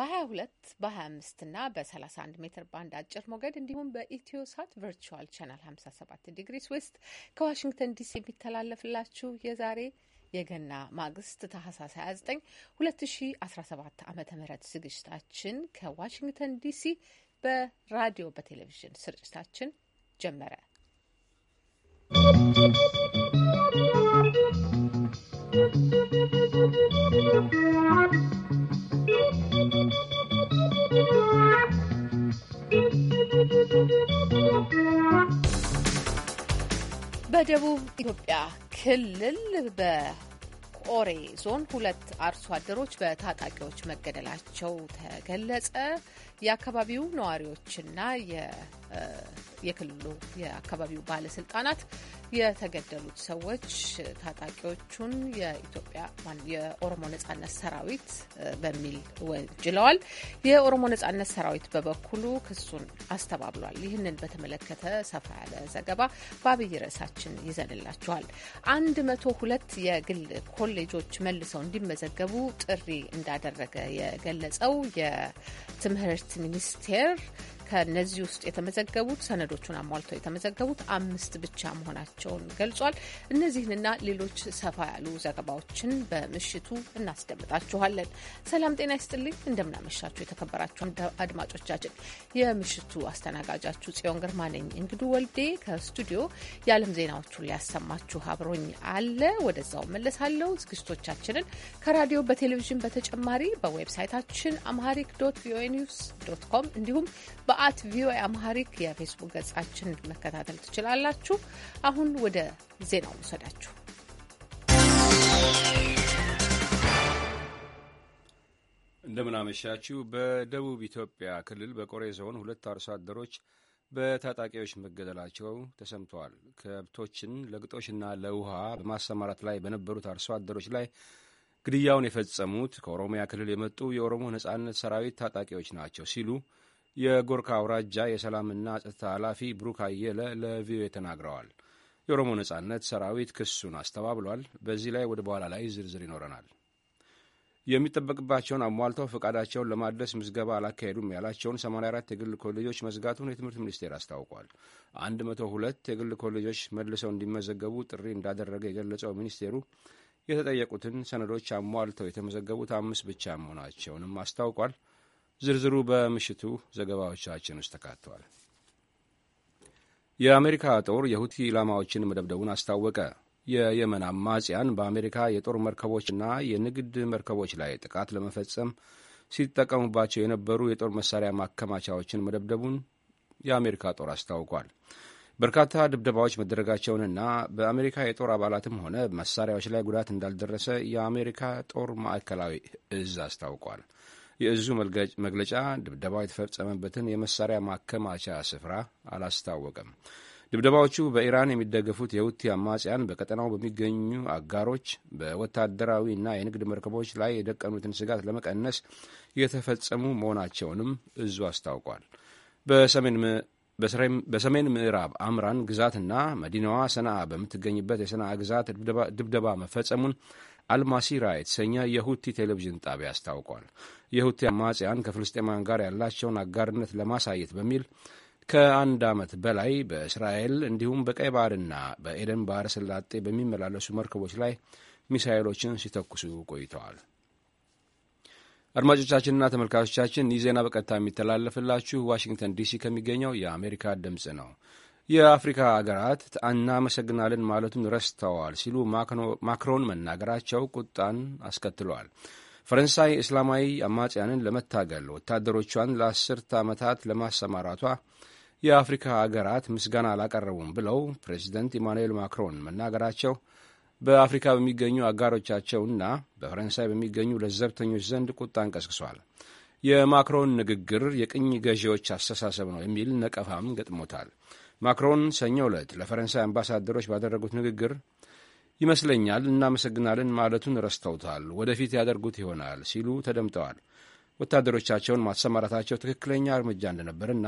በ22 በ25 እና በ31 ሜትር ባንድ አጭር ሞገድ እንዲሁም በኢትዮ ሳት ቨርቹዋል ቻናል 57 ዲግሪስ ዌስት ከዋሽንግተን ዲሲ የሚተላለፍላችሁ የዛሬ የገና ማግስት ታህሳስ 29 2017 ዓ ም ዝግጅታችን ከዋሽንግተን ዲሲ በራዲዮ በቴሌቪዥን ስርጭታችን ጀመረ። ¶¶ በደቡብ ኢትዮጵያ ክልል በቆሬ ዞን ሁለት አርሶ አደሮች በታጣቂዎች መገደላቸው ተገለጸ። የአካባቢው ነዋሪዎችና የክልሉ የአካባቢው ባለስልጣናት የተገደሉት ሰዎች ታጣቂዎቹን የኢትዮጵያ የኦሮሞ ነጻነት ሰራዊት በሚል ወንጅለዋል። የኦሮሞ ነጻነት ሰራዊት በበኩሉ ክሱን አስተባብሏል። ይህንን በተመለከተ ሰፋ ያለ ዘገባ በአብይ ርዕሳችን ይዘንላችኋል። አንድ መቶ ሁለት የግል ኮሌጆች መልሰው እንዲመዘገቡ ጥሪ እንዳደረገ የገለጸው የትምህርት ሚኒስቴር ከነዚህ ውስጥ የተመዘገቡት ሰነዶቹን አሟልተው የተመዘገቡት አምስት ብቻ መሆናቸውን ገልጿል። እነዚህንና ሌሎች ሰፋ ያሉ ዘገባዎችን በምሽቱ እናስደምጣችኋለን። ሰላም ጤና ይስጥልኝ። እንደምናመሻችሁ የተከበራችሁ አድማጮቻችን፣ የምሽቱ አስተናጋጃችሁ ጽዮን ግርማ ነኝ። እንግዱ ወልዴ ከስቱዲዮ የዓለም ዜናዎቹን ሊያሰማችሁ አብሮኝ አለ። ወደዛው መለሳለሁ። ዝግጅቶቻችንን ከራዲዮ በቴሌቪዥን በተጨማሪ በዌብሳይታችን አምሃሪክ ዶት ቪኦኤ ኒውስ ዶት ኮም እንዲሁም በ አት ቪኦኤ አምሃሪክ የፌስቡክ ገጻችን መከታተል ትችላላችሁ። አሁን ወደ ዜናው ውሰዳችሁ። እንደምናመሻችሁ። በደቡብ ኢትዮጵያ ክልል በቆሬ ዞን ሁለት አርሶ አደሮች በታጣቂዎች መገደላቸው ተሰምተዋል። ከብቶችን ለግጦሽና ለውሃ በማሰማራት ላይ በነበሩት አርሶ አደሮች ላይ ግድያውን የፈጸሙት ከኦሮሚያ ክልል የመጡ የኦሮሞ ነጻነት ሰራዊት ታጣቂዎች ናቸው ሲሉ የጎርካ አውራጃ የሰላምና ጸጥታ ኃላፊ ብሩክ አየለ ለቪኦኤ ተናግረዋል። የኦሮሞ ነጻነት ሰራዊት ክሱን አስተባብሏል። በዚህ ላይ ወደ በኋላ ላይ ዝርዝር ይኖረናል። የሚጠበቅባቸውን አሟልተው ፈቃዳቸውን ለማድረስ ምዝገባ አላካሄዱም ያላቸውን 84 የግል ኮሌጆች መዝጋቱን የትምህርት ሚኒስቴር አስታውቋል። 102 የግል ኮሌጆች መልሰው እንዲመዘገቡ ጥሪ እንዳደረገ የገለጸው ሚኒስቴሩ የተጠየቁትን ሰነዶች አሟልተው የተመዘገቡት አምስት ብቻ መሆናቸውንም አስታውቋል። ዝርዝሩ በምሽቱ ዘገባዎቻችን ውስጥ ተካቷል። የአሜሪካ ጦር የሁቲ ኢላማዎችን መደብደቡን አስታወቀ። የየመን አማጽያን በአሜሪካ የጦር መርከቦችና የንግድ መርከቦች ላይ ጥቃት ለመፈጸም ሲጠቀሙባቸው የነበሩ የጦር መሳሪያ ማከማቻዎችን መደብደቡን የአሜሪካ ጦር አስታውቋል። በርካታ ድብደባዎች መደረጋቸውንና በአሜሪካ የጦር አባላትም ሆነ መሳሪያዎች ላይ ጉዳት እንዳልደረሰ የአሜሪካ ጦር ማዕከላዊ እዝ አስታውቋል። የእዙ መግለጫ ድብደባው የተፈጸመበትን የመሳሪያ ማከማቻ ስፍራ አላስታወቀም። ድብደባዎቹ በኢራን የሚደገፉት የውቲ አማጽያን በቀጠናው በሚገኙ አጋሮች በወታደራዊና የንግድ መርከቦች ላይ የደቀኑትን ስጋት ለመቀነስ የተፈጸሙ መሆናቸውንም እዙ አስታውቋል። በሰሜን ምዕራብ አምራን ግዛትና መዲናዋ ሰናአ በምትገኝበት የሰናአ ግዛት ድብደባ መፈጸሙን አልማሲራ የተሰኘ የሁቲ ቴሌቪዥን ጣቢያ አስታውቋል። የሁቲ አማጽያን ከፍልስጤማውያን ጋር ያላቸውን አጋርነት ለማሳየት በሚል ከአንድ ዓመት በላይ በእስራኤል እንዲሁም በቀይ ባህርና በኤደን ባህረ ሰላጤ በሚመላለሱ መርከቦች ላይ ሚሳይሎችን ሲተኩሱ ቆይተዋል። አድማጮቻችንና ተመልካቾቻችን ይህ ዜና በቀጥታ የሚተላለፍላችሁ ዋሽንግተን ዲሲ ከሚገኘው የአሜሪካ ድምፅ ነው። የአፍሪካ አገራት እናመሰግናለን ማለቱን ረስተዋል ሲሉ ማክሮን መናገራቸው ቁጣን አስከትሏል። ፈረንሳይ እስላማዊ አማጽያንን ለመታገል ወታደሮቿን ለአስርተ ዓመታት ለማሰማራቷ የአፍሪካ አገራት ምስጋና አላቀረቡም ብለው ፕሬዚደንት ኢማኑኤል ማክሮን መናገራቸው በአፍሪካ በሚገኙ አጋሮቻቸውና በፈረንሳይ በሚገኙ ለዘብተኞች ዘንድ ቁጣን ቀስቅሷል። የማክሮን ንግግር የቅኝ ገዢዎች አስተሳሰብ ነው የሚል ነቀፋም ገጥሞታል። ማክሮን ሰኞ ዕለት ለፈረንሳይ አምባሳደሮች ባደረጉት ንግግር ይመስለኛል እናመሰግናለን ማለቱን ረስተውታል፣ ወደፊት ያደርጉት ይሆናል ሲሉ ተደምጠዋል። ወታደሮቻቸውን ማሰማራታቸው ትክክለኛ እርምጃ እንደነበርና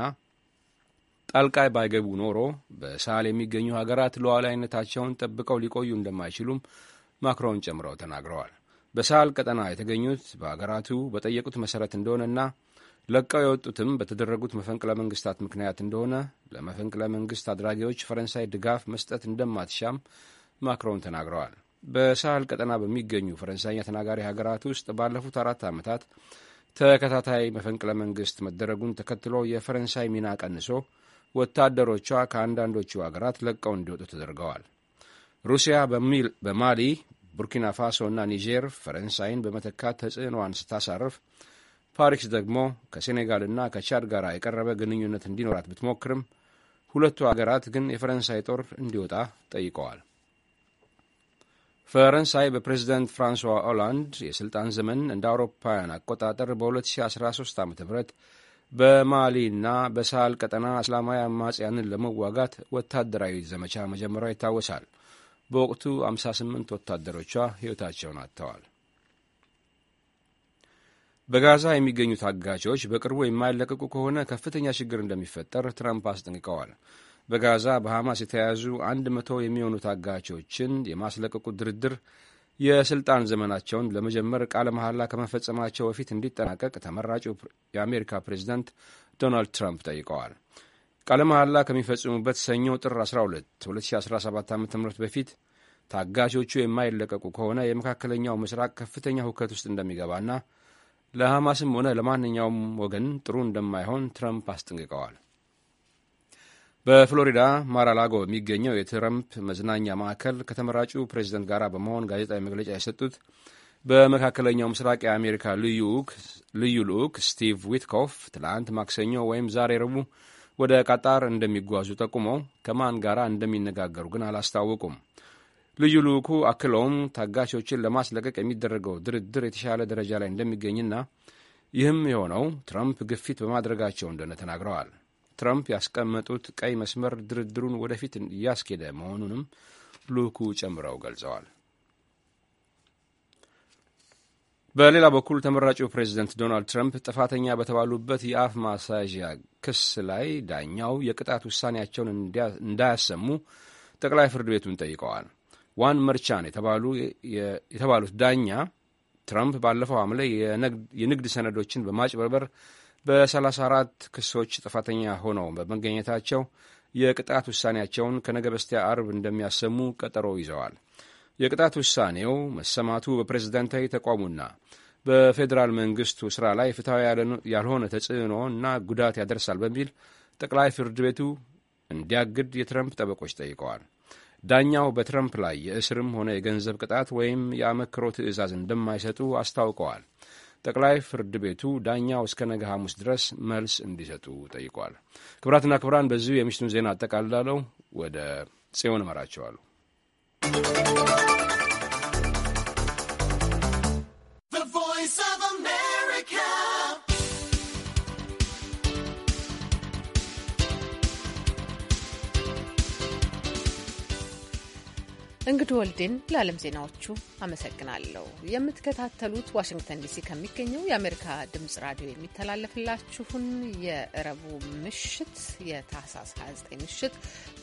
ጣልቃይ ባይገቡ ኖሮ በሳህል የሚገኙ ሀገራት ሉዓላዊነታቸውን ጠብቀው ሊቆዩ እንደማይችሉም ማክሮን ጨምረው ተናግረዋል። በሳህል ቀጠና የተገኙት በሀገራቱ በጠየቁት መሠረት እንደሆነና ለቀው የወጡትም በተደረጉት መፈንቅለ መንግስታት ምክንያት እንደሆነ፣ ለመፈንቅለ መንግስት አድራጊዎች ፈረንሳይ ድጋፍ መስጠት እንደማትሻም ማክሮን ተናግረዋል። በሳህል ቀጠና በሚገኙ ፈረንሳይኛ ተናጋሪ ሀገራት ውስጥ ባለፉት አራት ዓመታት ተከታታይ መፈንቅለ መንግስት መደረጉን ተከትሎ የፈረንሳይ ሚና ቀንሶ ወታደሮቿ ከአንዳንዶቹ ሀገራት ለቀው እንዲወጡ ተደርገዋል። ሩሲያ በማሊ ቡርኪና ፋሶ እና ኒጀር ፈረንሳይን በመተካት ተጽዕኖዋን ስታሳርፍ ፓሪስ ደግሞ ከሴኔጋልና ከቻድ ጋር የቀረበ ግንኙነት እንዲኖራት ብትሞክርም ሁለቱ አገራት ግን የፈረንሳይ ጦር እንዲወጣ ጠይቀዋል። ፈረንሳይ በፕሬዝዳንት ፍራንሷ ኦላንድ የሥልጣን ዘመን እንደ አውሮፓውያን አቆጣጠር በ2013 ዓ ም በማሊና በሳህል ቀጠና እስላማዊ አማጽያንን ለመዋጋት ወታደራዊ ዘመቻ መጀመሯ ይታወሳል። በወቅቱ 58 ወታደሮቿ ሕይወታቸውን አጥተዋል። በጋዛ የሚገኙ ታጋቾች በቅርቡ የማይለቀቁ ከሆነ ከፍተኛ ችግር እንደሚፈጠር ትራምፕ አስጠንቅቀዋል። በጋዛ በሐማስ የተያዙ አንድ መቶ የሚሆኑ ታጋቾችን የማስለቀቁ ድርድር የስልጣን ዘመናቸውን ለመጀመር ቃለ መሐላ ከመፈጸማቸው በፊት እንዲጠናቀቅ ተመራጩ የአሜሪካ ፕሬዚዳንት ዶናልድ ትራምፕ ጠይቀዋል። ቃለ መሐላ ከሚፈጽሙበት ሰኞ ጥር 12 2017 ዓ ም በፊት ታጋቾቹ የማይለቀቁ ከሆነ የመካከለኛው ምስራቅ ከፍተኛ ሁከት ውስጥ እንደሚገባና ለሐማስም ሆነ ለማንኛውም ወገን ጥሩ እንደማይሆን ትረምፕ አስጠንቅቀዋል። በፍሎሪዳ ማራላጎ የሚገኘው የትረምፕ መዝናኛ ማዕከል ከተመራጩ ፕሬዚደንት ጋር በመሆን ጋዜጣዊ መግለጫ የሰጡት በመካከለኛው ምስራቅ የአሜሪካ ልዩ ልዑክ ስቲቭ ዊትኮፍ ትላንት ማክሰኞ ወይም ዛሬ ረቡዕ ወደ ቃጣር እንደሚጓዙ ጠቁመው ከማን ጋር እንደሚነጋገሩ ግን አላስታወቁም። ልዩ ልዑኩ አክለውም ታጋቾችን ለማስለቀቅ የሚደረገው ድርድር የተሻለ ደረጃ ላይ እንደሚገኝና ይህም የሆነው ትራምፕ ግፊት በማድረጋቸው እንደሆነ ተናግረዋል። ትራምፕ ያስቀመጡት ቀይ መስመር ድርድሩን ወደፊት እያስኬደ መሆኑንም ልዑኩ ጨምረው ገልጸዋል። በሌላ በኩል ተመራጩ ፕሬዚደንት ዶናልድ ትራምፕ ጥፋተኛ በተባሉበት የአፍ ማሳዣ ክስ ላይ ዳኛው የቅጣት ውሳኔያቸውን እንዳያሰሙ ጠቅላይ ፍርድ ቤቱን ጠይቀዋል። ዋን መርቻን የተባሉት ዳኛ ትራምፕ ባለፈው ሐምሌ የንግድ ሰነዶችን በማጭበርበር በ34 ክሶች ጥፋተኛ ሆነው በመገኘታቸው የቅጣት ውሳኔያቸውን ከነገ በስቲያ አርብ እንደሚያሰሙ ቀጠሮ ይዘዋል። የቅጣት ውሳኔው መሰማቱ በፕሬዝደንታዊ ተቋሙና በፌዴራል መንግስቱ ሥራ ላይ ፍትሐዊ ያልሆነ እና ጉዳት ያደርሳል በሚል ጠቅላይ ፍርድ ቤቱ እንዲያግድ የትረምፕ ጠበቆች ጠይቀዋል። ዳኛው በትረምፕ ላይ የእስርም ሆነ የገንዘብ ቅጣት ወይም የአመክሮ ትዕዛዝ እንደማይሰጡ አስታውቀዋል። ጠቅላይ ፍርድ ቤቱ ዳኛው እስከ ነገ ሐሙስ ድረስ መልስ እንዲሰጡ ጠይቋል። ክቡራትና ክቡራን በዚሁ የምሽቱን ዜና አጠቃልላለሁ። ወደ ጽዮን እመራቸዋለሁ። እንግዲህ ወልዴን ለዓለም ዜናዎቹ አመሰግናለሁ። የምትከታተሉት ዋሽንግተን ዲሲ ከሚገኘው የአሜሪካ ድምጽ ራዲዮ የሚተላለፍላችሁን የእረቡ ምሽት የታህሳስ 29 ምሽት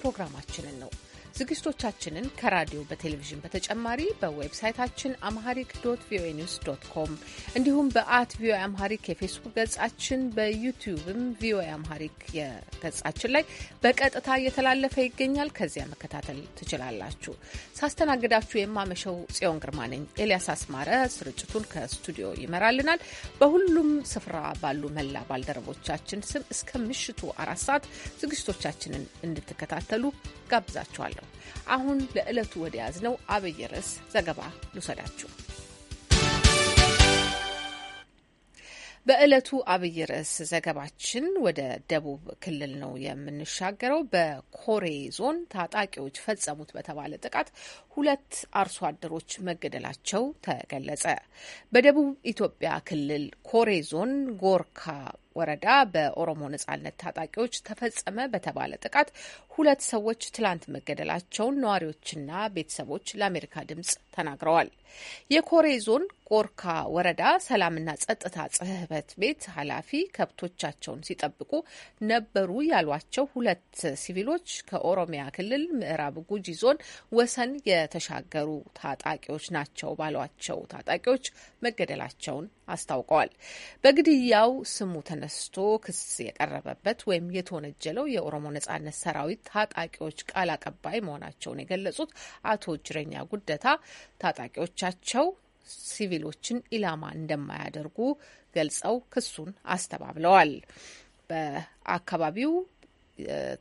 ፕሮግራማችንን ነው። ዝግጅቶቻችንን ከራዲዮ በቴሌቪዥን በተጨማሪ በዌብሳይታችን አምሃሪክ ዶት ቪኦኤ ኒውስ ዶት ኮም እንዲሁም በአት ቪኦኤ አምሃሪክ የፌስቡክ ገጻችን በዩቲዩብም ቪኦኤ አምሃሪክ የገጻችን ላይ በቀጥታ እየተላለፈ ይገኛል። ከዚያ መከታተል ትችላላችሁ። ሳስተናግዳችሁ የማመሸው ጽዮን ግርማ ነኝ። ኤልያስ አስማረ ስርጭቱን ከስቱዲዮ ይመራልናል። በሁሉም ስፍራ ባሉ መላ ባልደረቦቻችን ስም እስከ ምሽቱ አራት ሰዓት ዝግጅቶቻችንን እንድትከታተሉ ጋብዛችኋለሁ። ነው። አሁን ለዕለቱ ወደ ያዝነው አብይ ርዕስ ዘገባ ልውሰዳችሁ። በዕለቱ አብይ ርዕስ ዘገባችን ወደ ደቡብ ክልል ነው የምንሻገረው። በኮሬ ዞን ታጣቂዎች ፈጸሙት በተባለ ጥቃት ሁለት አርሶ አደሮች መገደላቸው ተገለጸ። በደቡብ ኢትዮጵያ ክልል ኮሬ ዞን ጎርካ ወረዳ በኦሮሞ ነጻነት ታጣቂዎች ተፈጸመ በተባለ ጥቃት ሁለት ሰዎች ትላንት መገደላቸውን ነዋሪዎችና ቤተሰቦች ለአሜሪካ ድምጽ ተናግረዋል። የኮሬ ዞን ቆርካ ወረዳ ሰላምና ጸጥታ ጽህፈት ቤት ኃላፊ ከብቶቻቸውን ሲጠብቁ ነበሩ ያሏቸው ሁለት ሲቪሎች ከኦሮሚያ ክልል ምዕራብ ጉጂ ዞን ወሰን የተሻገሩ ታጣቂዎች ናቸው ባሏቸው ታጣቂዎች መገደላቸውን አስታውቀዋል። በግድያው ስሙ ተነስቶ ክስ የቀረበበት ወይም የተወነጀለው የኦሮሞ ነጻነት ሰራዊት ታጣቂዎች ቃል አቀባይ መሆናቸውን የገለጹት አቶ እጅረኛ ጉደታ ታጣቂዎች ድርጊቶቻቸው ሲቪሎችን ኢላማ እንደማያደርጉ ገልጸው ክሱን አስተባብለዋል። በአካባቢው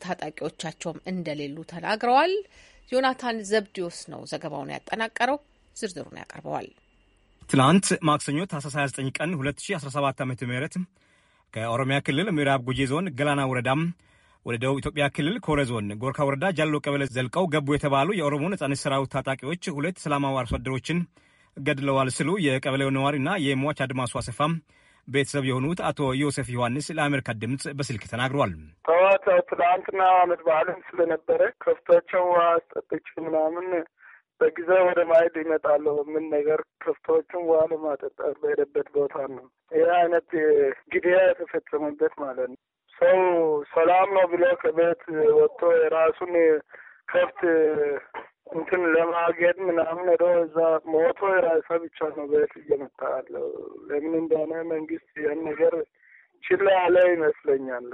ታጣቂዎቻቸውም እንደሌሉ ተናግረዋል። ዮናታን ዘብዲዮስ ነው ዘገባውን ያጠናቀረው፣ ዝርዝሩን ያቀርበዋል። ትላንት ማክሰኞ ታህሳስ 29 ቀን 2017 ዓ ም ከኦሮሚያ ክልል ምዕራብ ጉጂ ዞን ገላና ወረዳም ወደ ደቡብ ኢትዮጵያ ክልል ኮረ ዞን ጎርካ ወረዳ ጃሎ ቀበሌ ዘልቀው ገቡ የተባሉ የኦሮሞ ነጻነት ሰራዊት ታጣቂዎች ሁለት ሰላማዊ አርሶ አደሮችን ገድለዋል ሲሉ የቀበሌው ነዋሪና የሟች አድማሱ አሰፋም ቤተሰብ የሆኑት አቶ ዮሴፍ ዮሐንስ ለአሜሪካ ድምፅ በስልክ ተናግሯል። ጠዋት ትላንትና አመት በዓልን ስለነበረ ከፍቶቸው አስጠጥቼ ምናምን በጊዜ ወደ ማየድ ይመጣለሁ ምን ነገር ከፍቶችን ውሃ ለማጠጣት በሄደበት ቦታ ነው። ይህ አይነት ግድያ የተፈጸመበት ማለት ነው። ሰው ሰላም ነው ብሎ ከቤት ወጥቶ የራሱን ከብት እንትን ለማገድ ምናምን ሄዶ እዛ ሞቶ የራሳ ብቻ ነው ቤት እየመጣ ያለው። ለምን እንደሆነ መንግስት ይህን ነገር ችላ ያለ ይመስለኛል።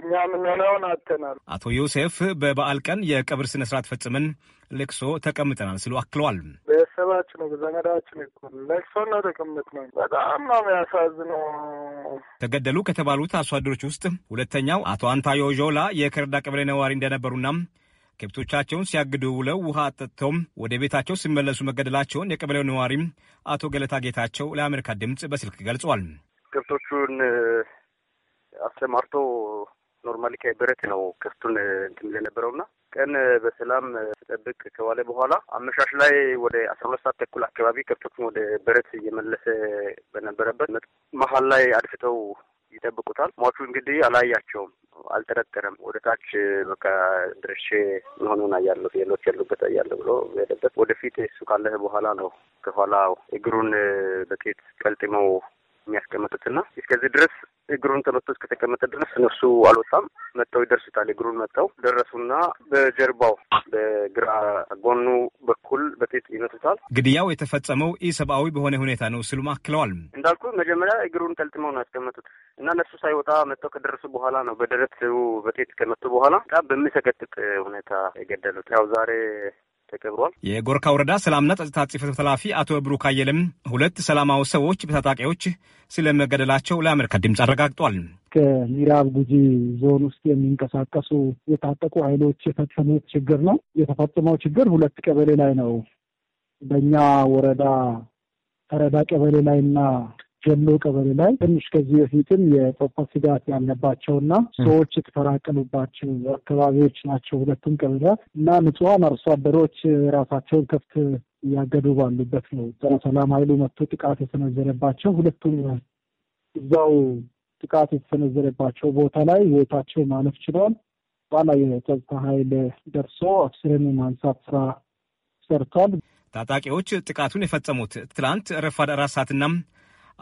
እኛ የምንሆነውን አተናል። አቶ ዮሴፍ በበዓል ቀን የቀብር ስነ ስርዓት ፈጽመን ልክሶ ተቀምጠናል ሲሉ አክለዋል። ቤተሰባችን ዘመዳችን ለቅሶ ነው ተቀምጥነው። በጣም ነው የሚያሳዝነው። ተገደሉ ከተባሉት አርሶ አደሮች ውስጥ ሁለተኛው አቶ አንታዮ ዦላ የከረዳ ቀበሌ ነዋሪ እንደነበሩና ከብቶቻቸውን ሲያግዱ ውለው ውሃ አጠጥተው ወደ ቤታቸው ሲመለሱ መገደላቸውን የቀበሌው ነዋሪም አቶ ገለታ ጌታቸው ለአሜሪካ ድምፅ በስልክ ገልጸዋል። ከብቶቹን አሰማርቶ ኖርማሊ ቀይ ነው ከፍቱን እንትን የነበረው እና ቀን በሰላም ስጠብቅ ከዋለ በኋላ አመሻሽ ላይ ወደ አስራ ሁለት ሰዓት ተኩል አካባቢ ከብቶቹን ወደ በረት እየመለሰ በነበረበት መሀል ላይ አድፍተው ይጠብቁታል። ሟቹ እንግዲህ አላያቸውም፣ አልጠረጠረም። ወደ ታች በቃ ድርሼ መሆኑን አያለሁ፣ ሌሎች ያሉበት አያለሁ ብሎ ሄደበት። ወደፊት እሱ ካለህ በኋላ ነው ከኋላ እግሩን በጤት ቀልጥመው የሚያስቀምጡትና እስከዚህ ድረስ እግሩን ተመቶ እስከተቀመጠ ድረስ እነሱ አልወጣም። መጥተው ይደርሱታል። እግሩን መጥተው ደረሱና በጀርባው በግራ ጎኑ በኩል በቴት ይመቱታል። ግድያው የተፈጸመው ኢሰብአዊ በሆነ ሁኔታ ነው ሲሉም አክለዋል። እንዳልኩ መጀመሪያ እግሩን ጠልጥመው ነው ያስቀመጡት እና እነሱ ሳይወጣ መጥተው ከደረሱ በኋላ ነው በደረት በቴት ከመጡ በኋላ በጣም በሚሰቀጥጥ ሁኔታ የገደሉት። ያው ዛሬ ተከብሯል። የጎርካ ወረዳ ሰላምና ጸጥታ ቤት ኃላፊ አቶ ብሩክ አየለም ሁለት ሰላማዊ ሰዎች በታጣቂዎች ስለመገደላቸው ለአሜሪካ ድምፅ አረጋግጧል። ከምዕራብ ጉጂ ዞን ውስጥ የሚንቀሳቀሱ የታጠቁ ኃይሎች የፈጸሙት ችግር ነው። የተፈጸመው ችግር ሁለት ቀበሌ ላይ ነው። በእኛ ወረዳ ተረዳ ቀበሌ ላይ እና ጀሎ ቀበሌ ላይ ትንሽ ከዚህ በፊትም የጦርነት ስጋት ያለባቸውና ሰዎች የተፈራቀሉባቸው አካባቢዎች ናቸው ሁለቱም ቀበሌያት እና ንጹሐን አርሶ አደሮች ራሳቸውን ከፍት እያገዱ ባሉበት ነው ጸረ ሰላም ኃይሉ መጥቶ ጥቃት የተሰነዘረባቸው ሁለቱም እዛው ጥቃት የተሰነዘረባቸው ቦታ ላይ ህይወታቸው ማለፍ ችሏል። በኋላ የጸጥታ ኃይል ደርሶ አስክሬን ማንሳት ስራ ሰርቷል። ታጣቂዎች ጥቃቱን የፈጸሙት ትላንት ረፋድ አራት ሰዓትና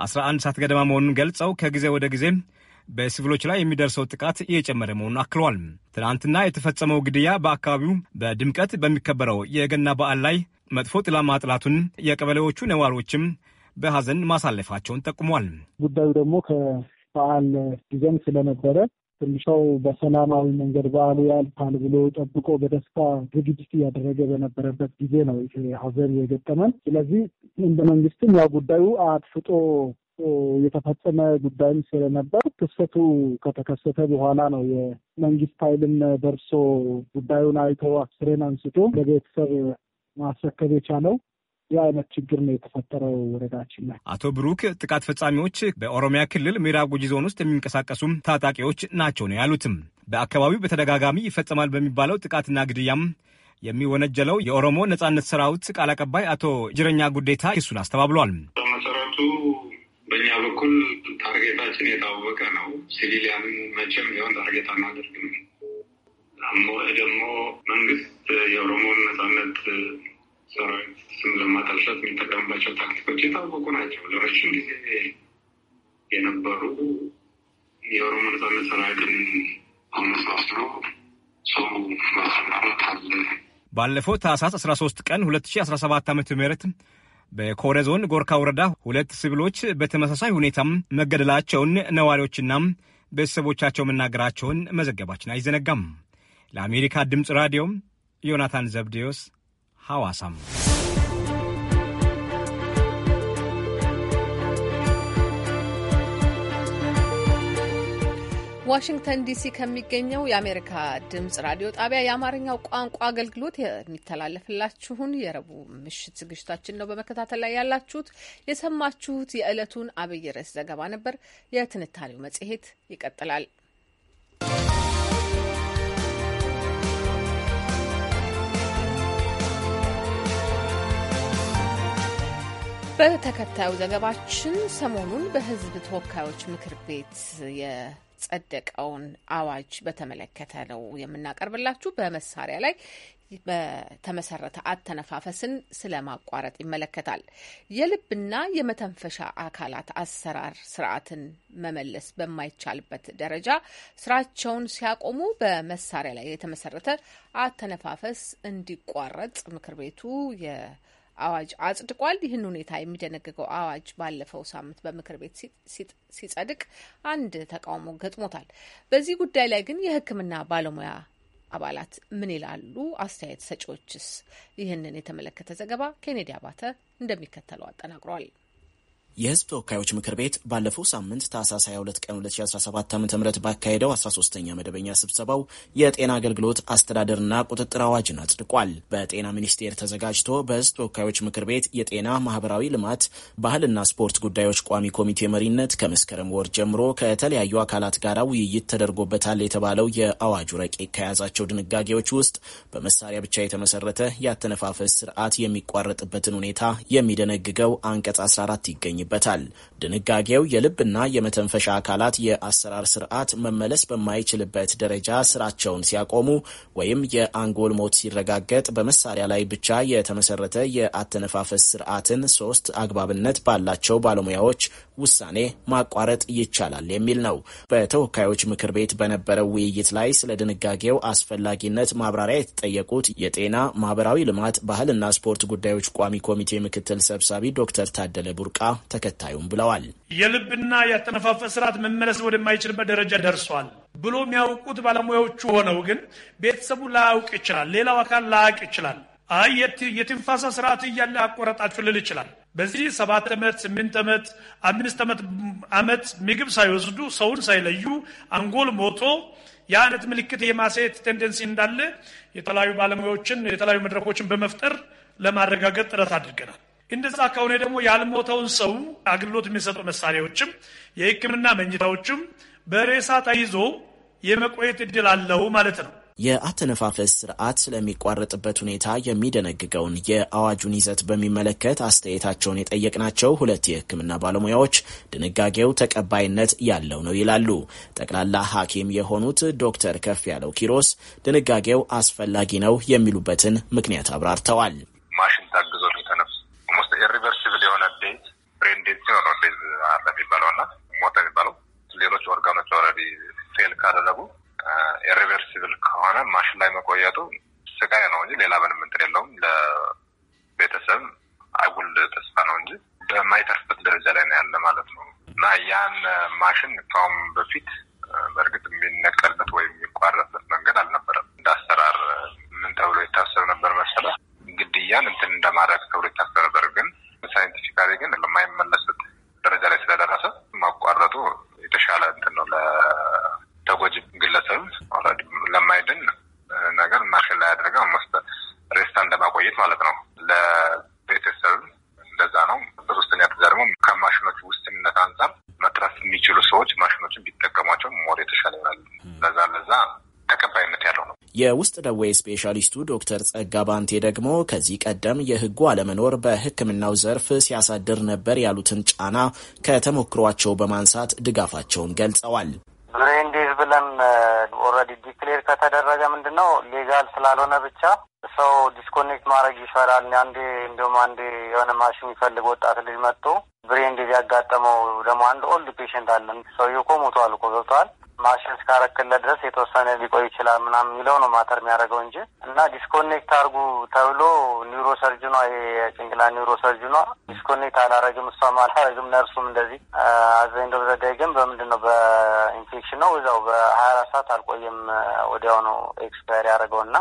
11 ሰዓት ገደማ መሆኑን ገልጸው ከጊዜ ወደ ጊዜ በሲቪሎች ላይ የሚደርሰው ጥቃት እየጨመረ መሆኑን አክለዋል። ትናንትና የተፈጸመው ግድያ በአካባቢው በድምቀት በሚከበረው የገና በዓል ላይ መጥፎ ጥላ ማጥላቱን የቀበሌዎቹ ነዋሪዎችም በሐዘን ማሳለፋቸውን ጠቁሟል። ጉዳዩ ደግሞ ከበዓል ጊዜም ስለነበረ ትንሻው በሰላማዊ መንገድ በዓሉ ያልፋል ብሎ ጠብቆ በደስታ ዝግጅት እያደረገ በነበረበት ጊዜ ነው ሀዘን የገጠመን። ስለዚህ እንደ መንግስትም ያው ጉዳዩ አድፍጦ የተፈጸመ ጉዳይም ስለነበር ክስተቱ ከተከሰተ በኋላ ነው የመንግስት ኃይልም ደርሶ ጉዳዩን አይቶ አስሬን አንስቶ ለቤተሰብ ማስረከብ የቻለው። የአይነት ችግር ነው የተፈጠረው ወረዳችን ላይ። አቶ ብሩክ ጥቃት ፈጻሚዎች በኦሮሚያ ክልል ምዕራብ ጉጂ ዞን ውስጥ የሚንቀሳቀሱም ታጣቂዎች ናቸው ነው ያሉትም። በአካባቢው በተደጋጋሚ ይፈጸማል በሚባለው ጥቃትና ግድያም የሚወነጀለው የኦሮሞ ነጻነት ሰራዊት ቃል አቀባይ አቶ ጅረኛ ጉዴታ ክሱን አስተባብሏል። በመሰረቱ በእኛ በኩል ታርጌታችን የታወቀ ነው። ሲቪሊያን መቼም ቢሆን ታርጌት አናደርግም። ደግሞ መንግስት የኦሮሞን ነጻነት ሰራዊትን ለማጠልሸት የሚጠቀምባቸው ታክቲኮች የታወቁ ናቸው። ለረጅም ጊዜ የነበሩ የኦሮሞ ነጻነት ሰራዊትን አመሳስሎ ሰው ማሰማራት አለ። ባለፈው ታህሳስ 13 ቀን 2017 ዓ ም በኮረ ዞን ጎርካ ወረዳ ሁለት ሲቪሎች በተመሳሳይ ሁኔታም መገደላቸውን ነዋሪዎችና ቤተሰቦቻቸው መናገራቸውን መዘገባችን አይዘነጋም። ለአሜሪካ ድምፅ ራዲዮ ዮናታን ዘብዴዎስ ሐዋሳም ዋሽንግተን ዲሲ ከሚገኘው የአሜሪካ ድምጽ ራዲዮ ጣቢያ የአማርኛው ቋንቋ አገልግሎት የሚተላለፍላችሁን የረቡዕ ምሽት ዝግጅታችን ነው በመከታተል ላይ ያላችሁት። የሰማችሁት የዕለቱን አብይ ርዕስ ዘገባ ነበር። የትንታኔው መጽሔት ይቀጥላል። በተከታዩ ዘገባችን ሰሞኑን በሕዝብ ተወካዮች ምክር ቤት የጸደቀውን አዋጅ በተመለከተ ነው የምናቀርብላችሁ። በመሳሪያ ላይ በተመሰረተ አተነፋፈስን ስለ ማቋረጥ ይመለከታል። የልብና የመተንፈሻ አካላት አሰራር ስርዓትን መመለስ በማይቻልበት ደረጃ ስራቸውን ሲያቆሙ በመሳሪያ ላይ የተመሰረተ አተነፋፈስ እንዲቋረጥ ምክር ቤቱ አዋጅ አጽድቋል። ይህን ሁኔታ የሚደነግገው አዋጅ ባለፈው ሳምንት በምክር ቤት ሲጸድቅ አንድ ተቃውሞ ገጥሞታል። በዚህ ጉዳይ ላይ ግን የሕክምና ባለሙያ አባላት ምን ይላሉ? አስተያየት ሰጪዎችስ? ይህንን የተመለከተ ዘገባ ኬኔዲ አባተ እንደሚከተለው አጠናቅሯል። የህዝብ ተወካዮች ምክር ቤት ባለፈው ሳምንት ታህሳስ 22 ቀን 2017 ዓ ም ባካሄደው 13ኛ መደበኛ ስብሰባው የጤና አገልግሎት አስተዳደርና ቁጥጥር አዋጅን አጽድቋል። በጤና ሚኒስቴር ተዘጋጅቶ በህዝብ ተወካዮች ምክር ቤት የጤና ማህበራዊ ልማት፣ ባህልና ስፖርት ጉዳዮች ቋሚ ኮሚቴ መሪነት ከመስከረም ወር ጀምሮ ከተለያዩ አካላት ጋር ውይይት ተደርጎበታል የተባለው የአዋጁ ረቂቅ ከያዛቸው ድንጋጌዎች ውስጥ በመሳሪያ ብቻ የተመሰረተ የአተነፋፈስ ስርዓት የሚቋረጥበትን ሁኔታ የሚደነግገው አንቀጽ 14 ይገኛል ይገኝበታል። ድንጋጌው የልብና የመተንፈሻ አካላት የአሰራር ስርዓት መመለስ በማይችልበት ደረጃ ስራቸውን ሲያቆሙ ወይም የአንጎል ሞት ሲረጋገጥ በመሳሪያ ላይ ብቻ የተመሰረተ የአተነፋፈስ ስርዓትን ሶስት አግባብነት ባላቸው ባለሙያዎች ውሳኔ ማቋረጥ ይቻላል የሚል ነው። በተወካዮች ምክር ቤት በነበረው ውይይት ላይ ስለ ድንጋጌው አስፈላጊነት ማብራሪያ የተጠየቁት የጤና ማህበራዊ ልማት፣ ባህልና ስፖርት ጉዳዮች ቋሚ ኮሚቴ ምክትል ሰብሳቢ ዶክተር ታደለ ቡርቃ ተከታዩም ብለዋል። የልብና የአተነፋፈስ ስርዓት መመለስ ወደማይችልበት ደረጃ ደርሷል ብሎ የሚያውቁት ባለሙያዎቹ ሆነው ግን ቤተሰቡ ላያውቅ ይችላል፣ ሌላው አካል ላያውቅ ይችላል። አይ የትንፋሳ ስርዓት እያለ አቆረጣችሁ ልል ይችላል በዚህ ሰባት ዓመት ስምንት ዓመት አምስት ዓመት ምግብ ሳይወስዱ ሰውን ሳይለዩ አንጎል ሞቶ የአይነት ምልክት የማሳየት ቴንደንሲ እንዳለ የተለያዩ ባለሙያዎችን የተለያዩ መድረኮችን በመፍጠር ለማረጋገጥ ጥረት አድርገናል። እንደዛ ከሆነ ደግሞ ያልሞተውን ሰው አገልግሎት የሚሰጡ መሳሪያዎችም የሕክምና መኝታዎችም በሬሳ ተይዞ የመቆየት እድል አለው ማለት ነው። የአተነፋፈስ ስርዓት ስለሚቋረጥበት ሁኔታ የሚደነግገውን የአዋጁን ይዘት በሚመለከት አስተያየታቸውን የጠየቅናቸው ሁለት የሕክምና ባለሙያዎች ድንጋጌው ተቀባይነት ያለው ነው ይላሉ። ጠቅላላ ሐኪም የሆኑት ዶክተር ከፍ ያለው ኪሮስ ድንጋጌው አስፈላጊ ነው የሚሉበትን ምክንያት አብራርተዋል። ማሽን ታግዞ የሚተነፍስ ሪቨርሲብል የሆነ ዴት ብሬን ዴት tú የውስጥ ደዌ ስፔሻሊስቱ ዶክተር ጸጋ ባንቴ ደግሞ ከዚህ ቀደም የህጉ አለመኖር በህክምናው ዘርፍ ሲያሳድር ነበር ያሉትን ጫና ከተሞክሯቸው በማንሳት ድጋፋቸውን ገልጸዋል። ዙሬ ብለን ኦልሬዲ ዲክሌር ከተደረገ ምንድን ነው ሌጋል ስላልሆነ ብቻ ሰው ዲስኮኔክት ማድረግ ይሻላል። አንዴ እንዲሁም አንዴ የሆነ ማሽን የሚፈልግ ወጣት ልጅ መጥቶ ብሬን እንዲህ ያጋጠመው ደግሞ አንድ ኦልድ ፔሽንት አለን። ሰውዬው እኮ ሞቷል እኮ ገብተዋል። ማሽን እስካረክለ ድረስ የተወሰነ ሊቆይ ምናምን የሚለው ነው ማተር የሚያደርገው እንጂ እና ዲስኮኔክት አድርጉ ተብሎ ኒውሮ ሰርጅኗ የጭንቅላ ኒውሮ ሰርጅኗ ዲስኮኔክት አላረግም እሷም አላረግም ነርሱም እንደዚህ አዘንዶ በዘዳይ ግን በምንድን ነው በኢንፌክሽን ነው እዛው በሀያ አራት ሰዓት አልቆየም ወዲያው ነው ኤክስፓየር ያደረገው እና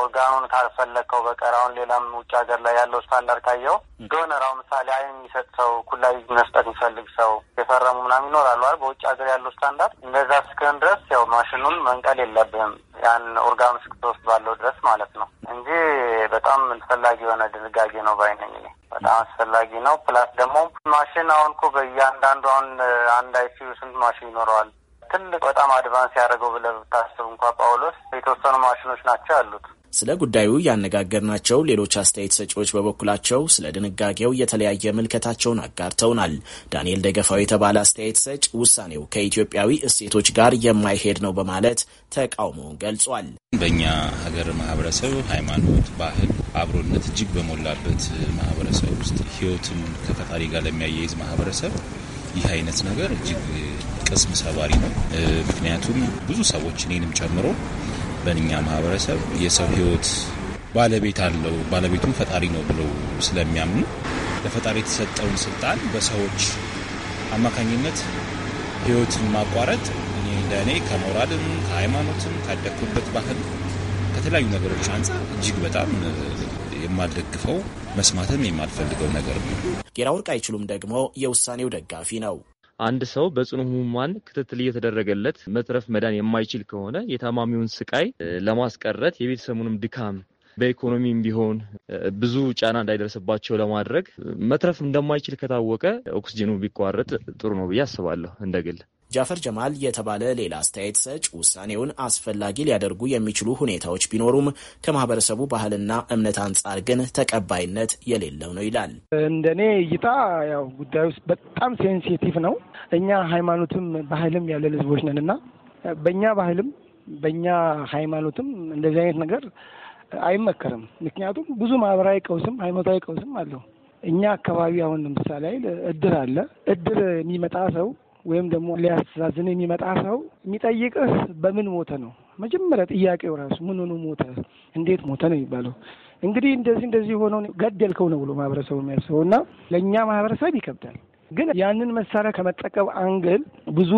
ኦርጋኑን ካልፈለግከው በቀር አሁን ሌላም ውጭ ሀገር ላይ ያለው ስታንዳርድ ካየው ዶነር አሁን ምሳሌ አይን የሚሰጥ ሰው ኩላይ መስጠት የሚፈልግ ሰው የሚፈረሙ ምናምን ይኖራሉ አይደል? በውጭ ሀገር ያለው ስታንዳርድ እንደዛ እስክን ድረስ ያው ማሽኑን መንቀል የለብህም ያን ኦርጋኑ እስክትወስድ ባለው ድረስ ማለት ነው እንጂ በጣም አስፈላጊ የሆነ ድንጋጌ ነው ባይነኝ። በጣም አስፈላጊ ነው። ፕላስ ደግሞ ማሽን አሁን እኮ በእያንዳንዱ አሁን አንድ አይሲዩ ስንት ማሽን ይኖረዋል? ትልቅ በጣም አድቫንስ ያደረገው ብለህ ብታስብ እንኳ ጳውሎስ የተወሰኑ ማሽኖች ናቸው ያሉት ስለ ጉዳዩ ያነጋገርናቸው ሌሎች አስተያየት ሰጪዎች በበኩላቸው ስለ ድንጋጌው የተለያየ ምልከታቸውን አጋርተውናል። ዳንኤል ደገፋው የተባለ አስተያየት ሰጭ ውሳኔው ከኢትዮጵያዊ እሴቶች ጋር የማይሄድ ነው በማለት ተቃውሞውን ገልጿል። በእኛ ሀገር ማህበረሰብ ሃይማኖት፣ ባህል፣ አብሮነት እጅግ በሞላበት ማህበረሰብ ውስጥ ህይወትን ከፈጣሪ ጋር ለሚያያይዝ ማህበረሰብ ይህ አይነት ነገር እጅግ ቅስም ሰባሪ ነው። ምክንያቱም ብዙ ሰዎች እኔንም ጨምሮ በእኛ ማህበረሰብ የሰው ህይወት ባለቤት አለው፣ ባለቤቱም ፈጣሪ ነው ብለው ስለሚያምኑ ለፈጣሪ የተሰጠውን ስልጣን በሰዎች አማካኝነት ህይወትን ማቋረጥ እንደእኔ ከሞራልም ከሃይማኖትም ካደግኩበት ባህል ከተለያዩ ነገሮች አንጻር እጅግ በጣም የማልደግፈው መስማትም የማልፈልገው ነገር ነው። ጌራ ወርቅ አይችሉም ደግሞ የውሳኔው ደጋፊ ነው። አንድ ሰው በጽኑ ህሙማን ክትትል እየተደረገለት መትረፍ መዳን የማይችል ከሆነ የታማሚውን ስቃይ ለማስቀረት የቤተሰቡንም ድካም በኢኮኖሚም ቢሆን ብዙ ጫና እንዳይደርስባቸው ለማድረግ መትረፍ እንደማይችል ከታወቀ ኦክስጂኑ ቢቋረጥ ጥሩ ነው ብዬ አስባለሁ እንደግል ጃፈር ጀማል የተባለ ሌላ አስተያየት ሰጭ ውሳኔውን አስፈላጊ ሊያደርጉ የሚችሉ ሁኔታዎች ቢኖሩም ከማህበረሰቡ ባህልና እምነት አንጻር ግን ተቀባይነት የሌለው ነው ይላል። እንደኔ እይታ ያው ጉዳዩ በጣም ሴንሲቲቭ ነው። እኛ ሃይማኖትም ባህልም ያለን ህዝቦች ነን እና በእኛ ባህልም በእኛ ሃይማኖትም እንደዚህ አይነት ነገር አይመከርም። ምክንያቱም ብዙ ማህበራዊ ቀውስም ሃይማኖታዊ ቀውስም አለው። እኛ አካባቢ አሁን ለምሳሌ አይደል እድር አለ። እድር የሚመጣ ሰው ወይም ደግሞ ሊያስተዛዝን የሚመጣ ሰው የሚጠይቅህ በምን ሞተ ነው መጀመሪያ ጥያቄው ራሱ ምን ሆኖ ሞተ፣ እንዴት ሞተ ነው የሚባለው። እንግዲህ እንደዚህ እንደዚህ ሆነው ገደልከው ነው ብሎ ማህበረሰቡ የሚያስበው እና ለእኛ ማህበረሰብ ይከብዳል። ግን ያንን መሳሪያ ከመጠቀም አንግል ብዙ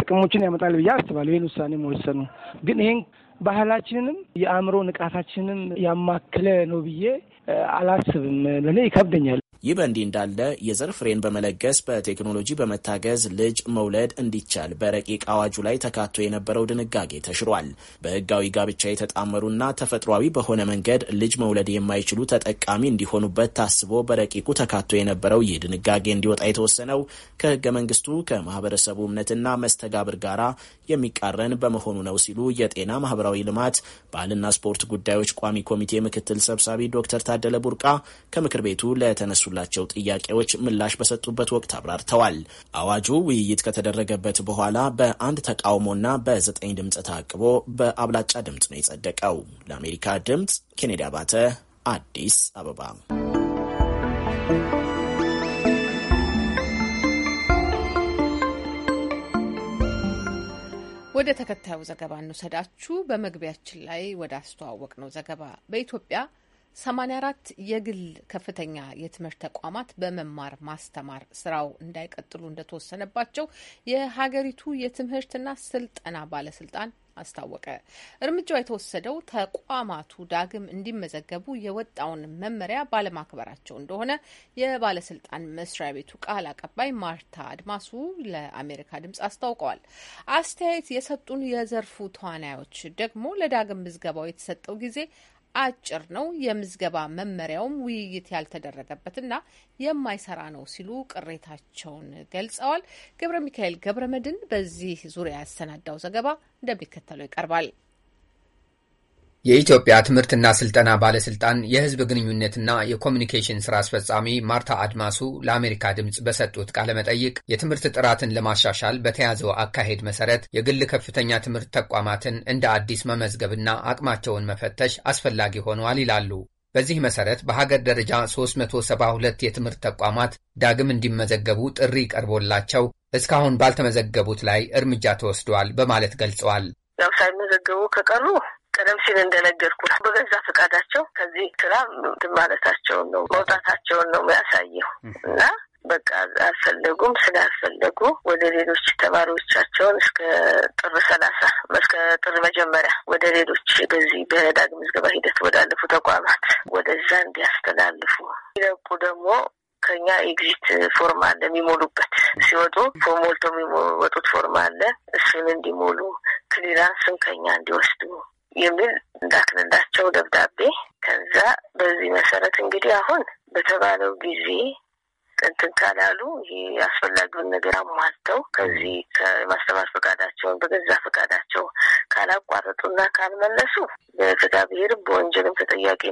ጥቅሞችን ያመጣል ብዬ አስባለሁ። ይህን ውሳኔ መወሰኑ ግን ይህን ባህላችንንም የአእምሮ ንቃታችንም ያማከለ ነው ብዬ አላስብም። ለእኔ ይከብደኛል። ይህ በእንዲህ እንዳለ የዘር ፍሬን በመለገስ በቴክኖሎጂ በመታገዝ ልጅ መውለድ እንዲቻል በረቂቅ አዋጁ ላይ ተካቶ የነበረው ድንጋጌ ተሽሯል። በህጋዊ ጋብቻ የተጣመሩና ተፈጥሯዊ በሆነ መንገድ ልጅ መውለድ የማይችሉ ተጠቃሚ እንዲሆኑበት ታስቦ በረቂቁ ተካቶ የነበረው ይህ ድንጋጌ እንዲወጣ የተወሰነው ከህገ መንግስቱ ከማህበረሰቡ እምነትና መስተጋብር ጋራ የሚቃረን በመሆኑ ነው ሲሉ የጤና ማህበራዊ ልማት ባህልና ስፖርት ጉዳዮች ቋሚ ኮሚቴ ምክትል ሰብሳቢ ዶክተር ታደለ ቡርቃ ከምክር ቤቱ ለተነሱ ላቀረብላቸው ጥያቄዎች ምላሽ በሰጡበት ወቅት አብራርተዋል። አዋጁ ውይይት ከተደረገበት በኋላ በአንድ ተቃውሞና በዘጠኝ ድምፅ ታቅቦ በአብላጫ ድምፅ ነው የጸደቀው። ለአሜሪካ ድምፅ ኬኔዲ አባተ አዲስ አበባ። ወደ ተከታዩ ዘገባ እንውሰዳችሁ። በመግቢያችን ላይ ወደ አስተዋወቅ ነው ዘገባ በኢትዮጵያ 84 የግል ከፍተኛ የትምህርት ተቋማት በመማር ማስተማር ስራው እንዳይቀጥሉ እንደተወሰነባቸው የሀገሪቱ የትምህርትና ስልጠና ባለስልጣን አስታወቀ። እርምጃው የተወሰደው ተቋማቱ ዳግም እንዲመዘገቡ የወጣውን መመሪያ ባለማክበራቸው እንደሆነ የባለስልጣን መስሪያ ቤቱ ቃል አቀባይ ማርታ አድማሱ ለአሜሪካ ድምጽ አስታውቀዋል። አስተያየት የሰጡን የዘርፉ ተዋናዮች ደግሞ ለዳግም ምዝገባው የተሰጠው ጊዜ አጭር ነው፣ የምዝገባ መመሪያውም ውይይት ያልተደረገበትና የማይሰራ ነው ሲሉ ቅሬታቸውን ገልጸዋል። ገብረ ሚካኤል ገብረ መድን በዚህ ዙሪያ ያሰናዳው ዘገባ እንደሚከተለው ይቀርባል። የኢትዮጵያ ትምህርትና ስልጠና ባለስልጣን የህዝብ ግንኙነትና የኮሚኒኬሽን ስራ አስፈጻሚ ማርታ አድማሱ ለአሜሪካ ድምፅ በሰጡት ቃለመጠይቅ የትምህርት ጥራትን ለማሻሻል በተያዘው አካሄድ መሰረት የግል ከፍተኛ ትምህርት ተቋማትን እንደ አዲስ መመዝገብና አቅማቸውን መፈተሽ አስፈላጊ ሆነዋል ይላሉ። በዚህ መሰረት በሀገር ደረጃ 372 የትምህርት ተቋማት ዳግም እንዲመዘገቡ ጥሪ ቀርቦላቸው እስካሁን ባልተመዘገቡት ላይ እርምጃ ተወስደዋል በማለት ገልጸዋል። ያው ሳይመዘገቡ ከቀሩ ቀደም ሲል እንደነገርኩ በገዛ ፈቃዳቸው ከዚህ ስራ ማለታቸውን ነው መውጣታቸውን ነው የሚያሳየው እና በቃ አልፈለጉም። ስላልፈለጉ ወደ ሌሎች ተማሪዎቻቸውን እስከ ጥር ሰላሳ እስከ ጥር መጀመሪያ ወደ ሌሎች በዚህ በዳግም ምዝገባ ሂደት ወዳለፉ ተቋማት ወደዛ እንዲያስተላልፉ ይለቁ ደግሞ ከኛ ኤግዚት ፎርም አለ የሚሞሉበት ሲወጡ ፎርም ሞልተው የሚወጡት ፎርም አለ እሱን እንዲሞሉ ክሊራንስን ከኛ እንዲወስዱ የሚል እንዳክንላቸው ደብዳቤ ከዛ በዚህ መሰረት እንግዲህ አሁን በተባለው ጊዜ እንትን ካላሉ ይሄ አስፈላጊውን ነገር አሟልተው ከዚህ ከማስተማር ፈቃዳቸውን በገዛ ፈቃዳቸው ካላቋረጡና ካልመለሱ በፍትሐ ብሔርም በወንጀልም ተጠያቂ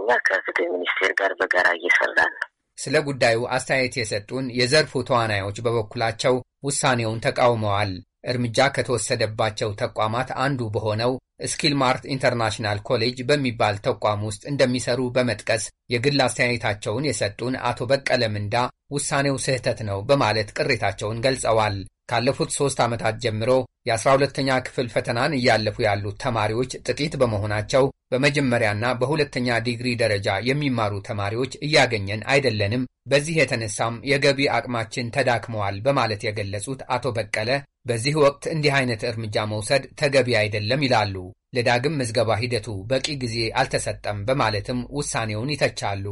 እኛ ከፍትህ ሚኒስቴር ጋር በጋራ እየሰራን ነው። ስለ ጉዳዩ አስተያየት የሰጡን የዘርፉ ተዋናዮች በበኩላቸው ውሳኔውን ተቃውመዋል። እርምጃ ከተወሰደባቸው ተቋማት አንዱ በሆነው ስኪልማርት ኢንተርናሽናል ኮሌጅ በሚባል ተቋም ውስጥ እንደሚሰሩ በመጥቀስ የግል አስተያየታቸውን የሰጡን አቶ በቀለ ምንዳ ውሳኔው ስህተት ነው በማለት ቅሬታቸውን ገልጸዋል። ካለፉት ሶስት ዓመታት ጀምሮ የአስራ ሁለተኛ ክፍል ፈተናን እያለፉ ያሉት ተማሪዎች ጥቂት በመሆናቸው በመጀመሪያና በሁለተኛ ዲግሪ ደረጃ የሚማሩ ተማሪዎች እያገኘን አይደለንም በዚህ የተነሳም የገቢ አቅማችን ተዳክመዋል በማለት የገለጹት አቶ በቀለ በዚህ ወቅት እንዲህ አይነት እርምጃ መውሰድ ተገቢ አይደለም ይላሉ። ለዳግም ምዝገባ ሂደቱ በቂ ጊዜ አልተሰጠም በማለትም ውሳኔውን ይተቻሉ።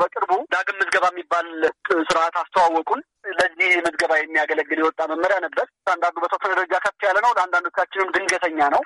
በቅርቡ ዳግም ምዝገባ የሚባል ስርዓት አስተዋወቁን። ለዚህ ምዝገባ የሚያገለግል የወጣ መመሪያ ነበር። አንዳንዱ በተወሰነ ደረጃ ከፍ ያለ ነው፣ ለአንዳንዶቻችንም ድንገተኛ ነው።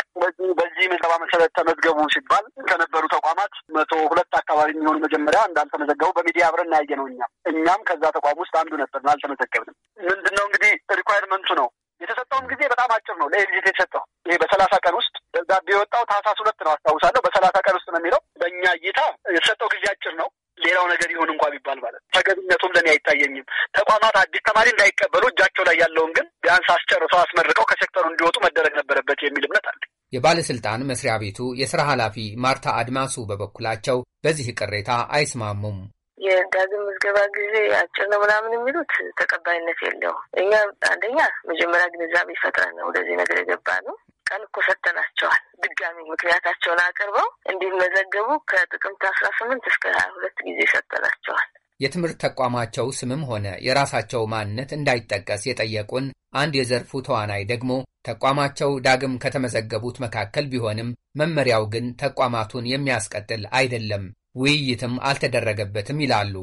በዚህ ምዝገባ መሰረት ተመዝገቡ ሲባል ከነበሩ ተቋማት መቶ ሁለት አካባቢ የሚሆኑ መጀመሪያ እንዳልተመዘገቡ በሚዲያ አብረን እናያየ ነው። እኛም እኛም ከዛ ተቋም ውስጥ አንዱ ነበር፣ አልተመዘገብንም። ምንድን ነው እንግዲህ ሪኳየርመንቱ ነው የተሰጠውም ጊዜ በጣም አጭር ነው። ለኤግዚት የተሰጠው ይሄ በሰላሳ ቀን ውስጥ ደብዳቤ የወጣው ታህሳስ ሁለት ነው አስታውሳለሁ። በሰላሳ ቀን ውስጥ ነው የሚለው። በእኛ እይታ የተሰጠው ጊዜ አጭር ነው። ሌላው ነገር ይሁን እንኳ ቢባል ማለት ተገቢነቱም ለእኔ አይታየኝም። ተቋማት አዲስ ተማሪ እንዳይቀበሉ እጃቸው ላይ ያለውን ግን ቢያንስ አስጨርሰው አስመርቀው ከሴክተሩ እንዲወጡ መደረግ ነበረበት የሚል እምነት አለ። የባለስልጣን መስሪያ ቤቱ የስራ ኃላፊ ማርታ አድማሱ በበኩላቸው በዚህ ቅሬታ አይስማሙም። የዳግም ምዝገባ ጊዜ አጭር ነው ምናምን የሚሉት ተቀባይነት የለውም። እኛ አንደኛ መጀመሪያ ግንዛቤ ፈጥረን ነው ወደዚህ ነገር የገባ ነው። ቀን እኮ ሰጥተናቸዋል። ድጋሚ ምክንያታቸውን አቅርበው እንዲመዘገቡ ከጥቅምት አስራ ስምንት እስከ ሀያ ሁለት ጊዜ ሰጥተናቸዋል። የትምህርት ተቋማቸው ስምም ሆነ የራሳቸው ማንነት እንዳይጠቀስ የጠየቁን አንድ የዘርፉ ተዋናይ ደግሞ ተቋማቸው ዳግም ከተመዘገቡት መካከል ቢሆንም መመሪያው ግን ተቋማቱን የሚያስቀጥል አይደለም፣ ውይይትም አልተደረገበትም ይላሉ።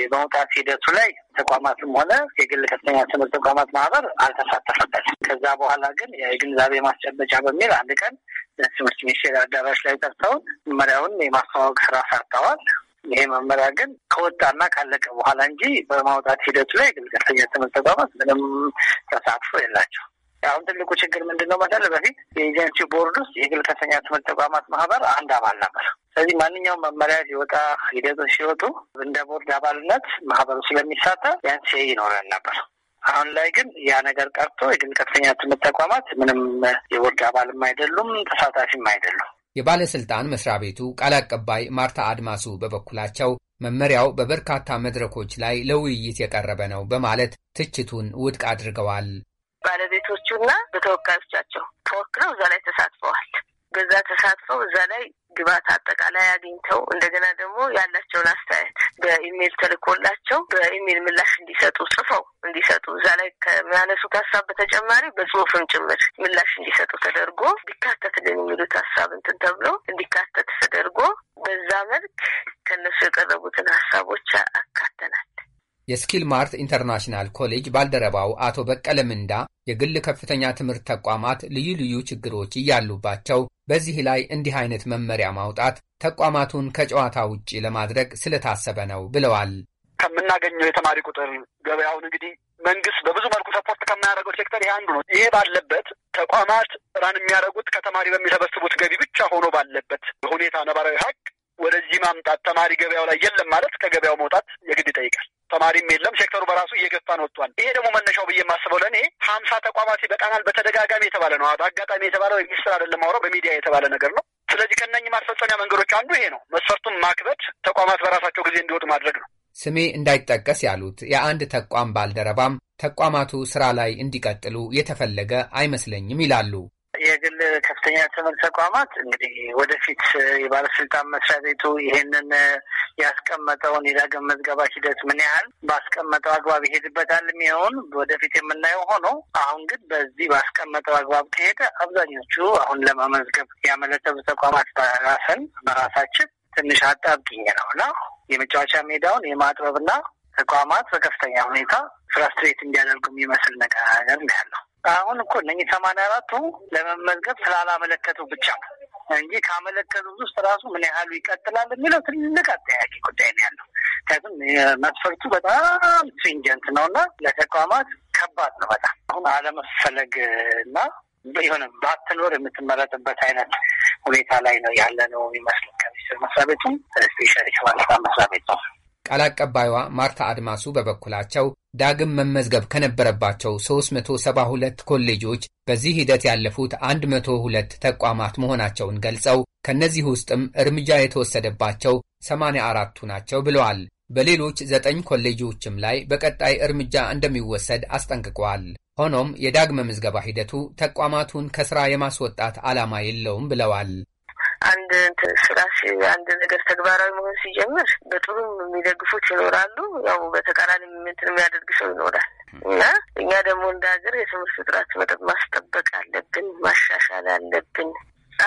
የመውጣት ሂደቱ ላይ ተቋማትም ሆነ የግል ከፍተኛ ትምህርት ተቋማት ማህበር አልተሳተፈበትም። ከዛ በኋላ ግን የግንዛቤ ማስጨበጫ በሚል አንድ ቀን ትምህርት ሚኒስቴር አዳራሽ ላይ ጠርተውን መመሪያውን የማስተዋወቅ ስራ ሰርተዋል። ይሄ መመሪያ ግን ከወጣና ካለቀ በኋላ እንጂ በማውጣት ሂደቱ ላይ የግል ከፍተኛ ትምህርት ተቋማት ምንም ተሳትፎ የላቸው። አሁን ትልቁ ችግር ምንድን ነው መሰለህ? በፊት የኤጀንሲው ቦርድ ውስጥ የግል ከፍተኛ ትምህርት ተቋማት ማህበር አንድ አባል ነበር። ስለዚህ ማንኛውም መመሪያ ሲወጣ፣ ሂደቶች ሲወጡ እንደ ቦርድ አባልነት ማህበሩ ስለሚሳተፍ ቢያንስ ይኖረን ነበር። አሁን ላይ ግን ያ ነገር ቀርቶ የግል ከፍተኛ ትምህርት ተቋማት ምንም የቦርድ አባልም አይደሉም፣ ተሳታፊም አይደሉም። የባለስልጣን መስሪያ ቤቱ ቃል አቀባይ ማርታ አድማሱ በበኩላቸው መመሪያው በበርካታ መድረኮች ላይ ለውይይት የቀረበ ነው በማለት ትችቱን ውድቅ አድርገዋል። ባለቤቶቹና በተወካዮቻቸው ተወክለው እዛ ላይ ተሳትፈዋል። በዛ ተሳትፈው እዛ ላይ ግባት አጠቃላይ አግኝተው እንደገና ደግሞ ያላቸውን አስተያየት በኢሜይል ተልኮላቸው በኢሜይል ምላሽ እንዲሰጡ ጽፈው እንዲሰጡ እዛ ላይ ከሚያነሱት ሀሳብ በተጨማሪ በጽሁፍም ጭምር ምላሽ እንዲሰጡ ተደርጎ እንዲካተትልን የሚሉት ሀሳብ እንትን ተብሎ እንዲካተት ተደርጎ በዛ መልክ ከእነሱ የቀረቡትን ሀሳቦች አካተናል። የስኪል ማርት ኢንተርናሽናል ኮሌጅ ባልደረባው አቶ በቀለ ምንዳ የግል ከፍተኛ ትምህርት ተቋማት ልዩ ልዩ ችግሮች እያሉባቸው በዚህ ላይ እንዲህ አይነት መመሪያ ማውጣት ተቋማቱን ከጨዋታ ውጪ ለማድረግ ስለታሰበ ነው ብለዋል። ከምናገኘው የተማሪ ቁጥር ገበያውን እንግዲህ መንግስት በብዙ መልኩ ሰፖርት ከማያደርገው ሴክተር ይሄ አንዱ ነው። ይሄ ባለበት ተቋማት ራን የሚያደርጉት ከተማሪ በሚሰበስቡት ገቢ ብቻ ሆኖ ባለበት ሁኔታ ነባራዊ ሀቅ ወደዚህ ማምጣት ተማሪ ገበያው ላይ የለም ማለት ከገበያው መውጣት የግድ ይጠይቃል። ተማሪም የለም። ሴክተሩ በራሱ እየገፋን ወጥቷል። ይሄ ደግሞ መነሻው ብዬ የማስበው ለእኔ ሀምሳ ተቋማት ይበቃናል በተደጋጋሚ የተባለ ነው። አጋጣሚ የተባለ ሚኒስትር አይደለም አውረው በሚዲያ የተባለ ነገር ነው። ስለዚህ ከእነኝህ ማስፈጸሚያ መንገዶች አንዱ ይሄ ነው። መስፈርቱን ማክበድ፣ ተቋማት በራሳቸው ጊዜ እንዲወጡ ማድረግ ነው። ስሜ እንዳይጠቀስ ያሉት የአንድ ተቋም ባልደረባም ተቋማቱ ስራ ላይ እንዲቀጥሉ የተፈለገ አይመስለኝም ይላሉ። የግል ከፍተኛ ትምህርት ተቋማት እንግዲህ ወደፊት የባለስልጣን መስሪያ ቤቱ ይሄንን ያስቀመጠውን የዳግም መዝገባ ሂደት ምን ያህል ባስቀመጠው አግባብ ይሄድበታል የሚሆን ወደፊት የምናየው ሆኖ፣ አሁን ግን በዚህ ባስቀመጠው አግባብ ከሄደ አብዛኞቹ አሁን ለመመዝገብ ያመለከቱ ተቋማት በራሰን በራሳችን ትንሽ አጣብቂኝ ነው እና የመጫወቻ ሜዳውን የማጥበብና ተቋማት በከፍተኛ ሁኔታ ፍራስትሬት እንዲያደርጉ የሚመስል ነገር ያለው። አሁን እኮ እነኝህ ሰማንያ አራቱ ለመመዝገብ ስላላመለከቱ ብቻ እንጂ ካመለከቱት ውስጥ ራሱ ምን ያህሉ ይቀጥላል የሚለው ትልቅ አጠያቂ ጉዳይ ነው ያለው። ምክንያቱም መስፈርቱ በጣም ስትሪንጀንት ነው እና ለተቋማት ከባድ ነው በጣም አሁን አለመፈለግ እና የሆነ ባትኖር የምትመረጥበት አይነት ሁኔታ ላይ ነው ያለ ነው የሚመስለው። ከሚኒስቴር መስሪያ ቤቱም ስፔሻሊ ከባለስልጣን መስሪያ ቤት ነው ቃል አቀባይዋ ማርታ አድማሱ በበኩላቸው ዳግም መመዝገብ ከነበረባቸው 372 ኮሌጆች በዚህ ሂደት ያለፉት 102 ተቋማት መሆናቸውን ገልጸው ከእነዚህ ውስጥም እርምጃ የተወሰደባቸው 84ቱ ናቸው ብለዋል። በሌሎች ዘጠኝ ኮሌጆችም ላይ በቀጣይ እርምጃ እንደሚወሰድ አስጠንቅቀዋል። ሆኖም የዳግመ ምዝገባ ሂደቱ ተቋማቱን ከሥራ የማስወጣት ዓላማ የለውም ብለዋል። አንድ ስራ አንድ ነገር ተግባራዊ መሆን ሲጀምር በጥሩም የሚደግፉት ይኖራሉ። ያው በተቃራኒ ምንትን የሚያደርግ ሰው ይኖራል እና እኛ ደግሞ እንደ ሀገር የትምህርት ጥራት መጠጥ ማስጠበቅ አለብን፣ ማሻሻል አለብን።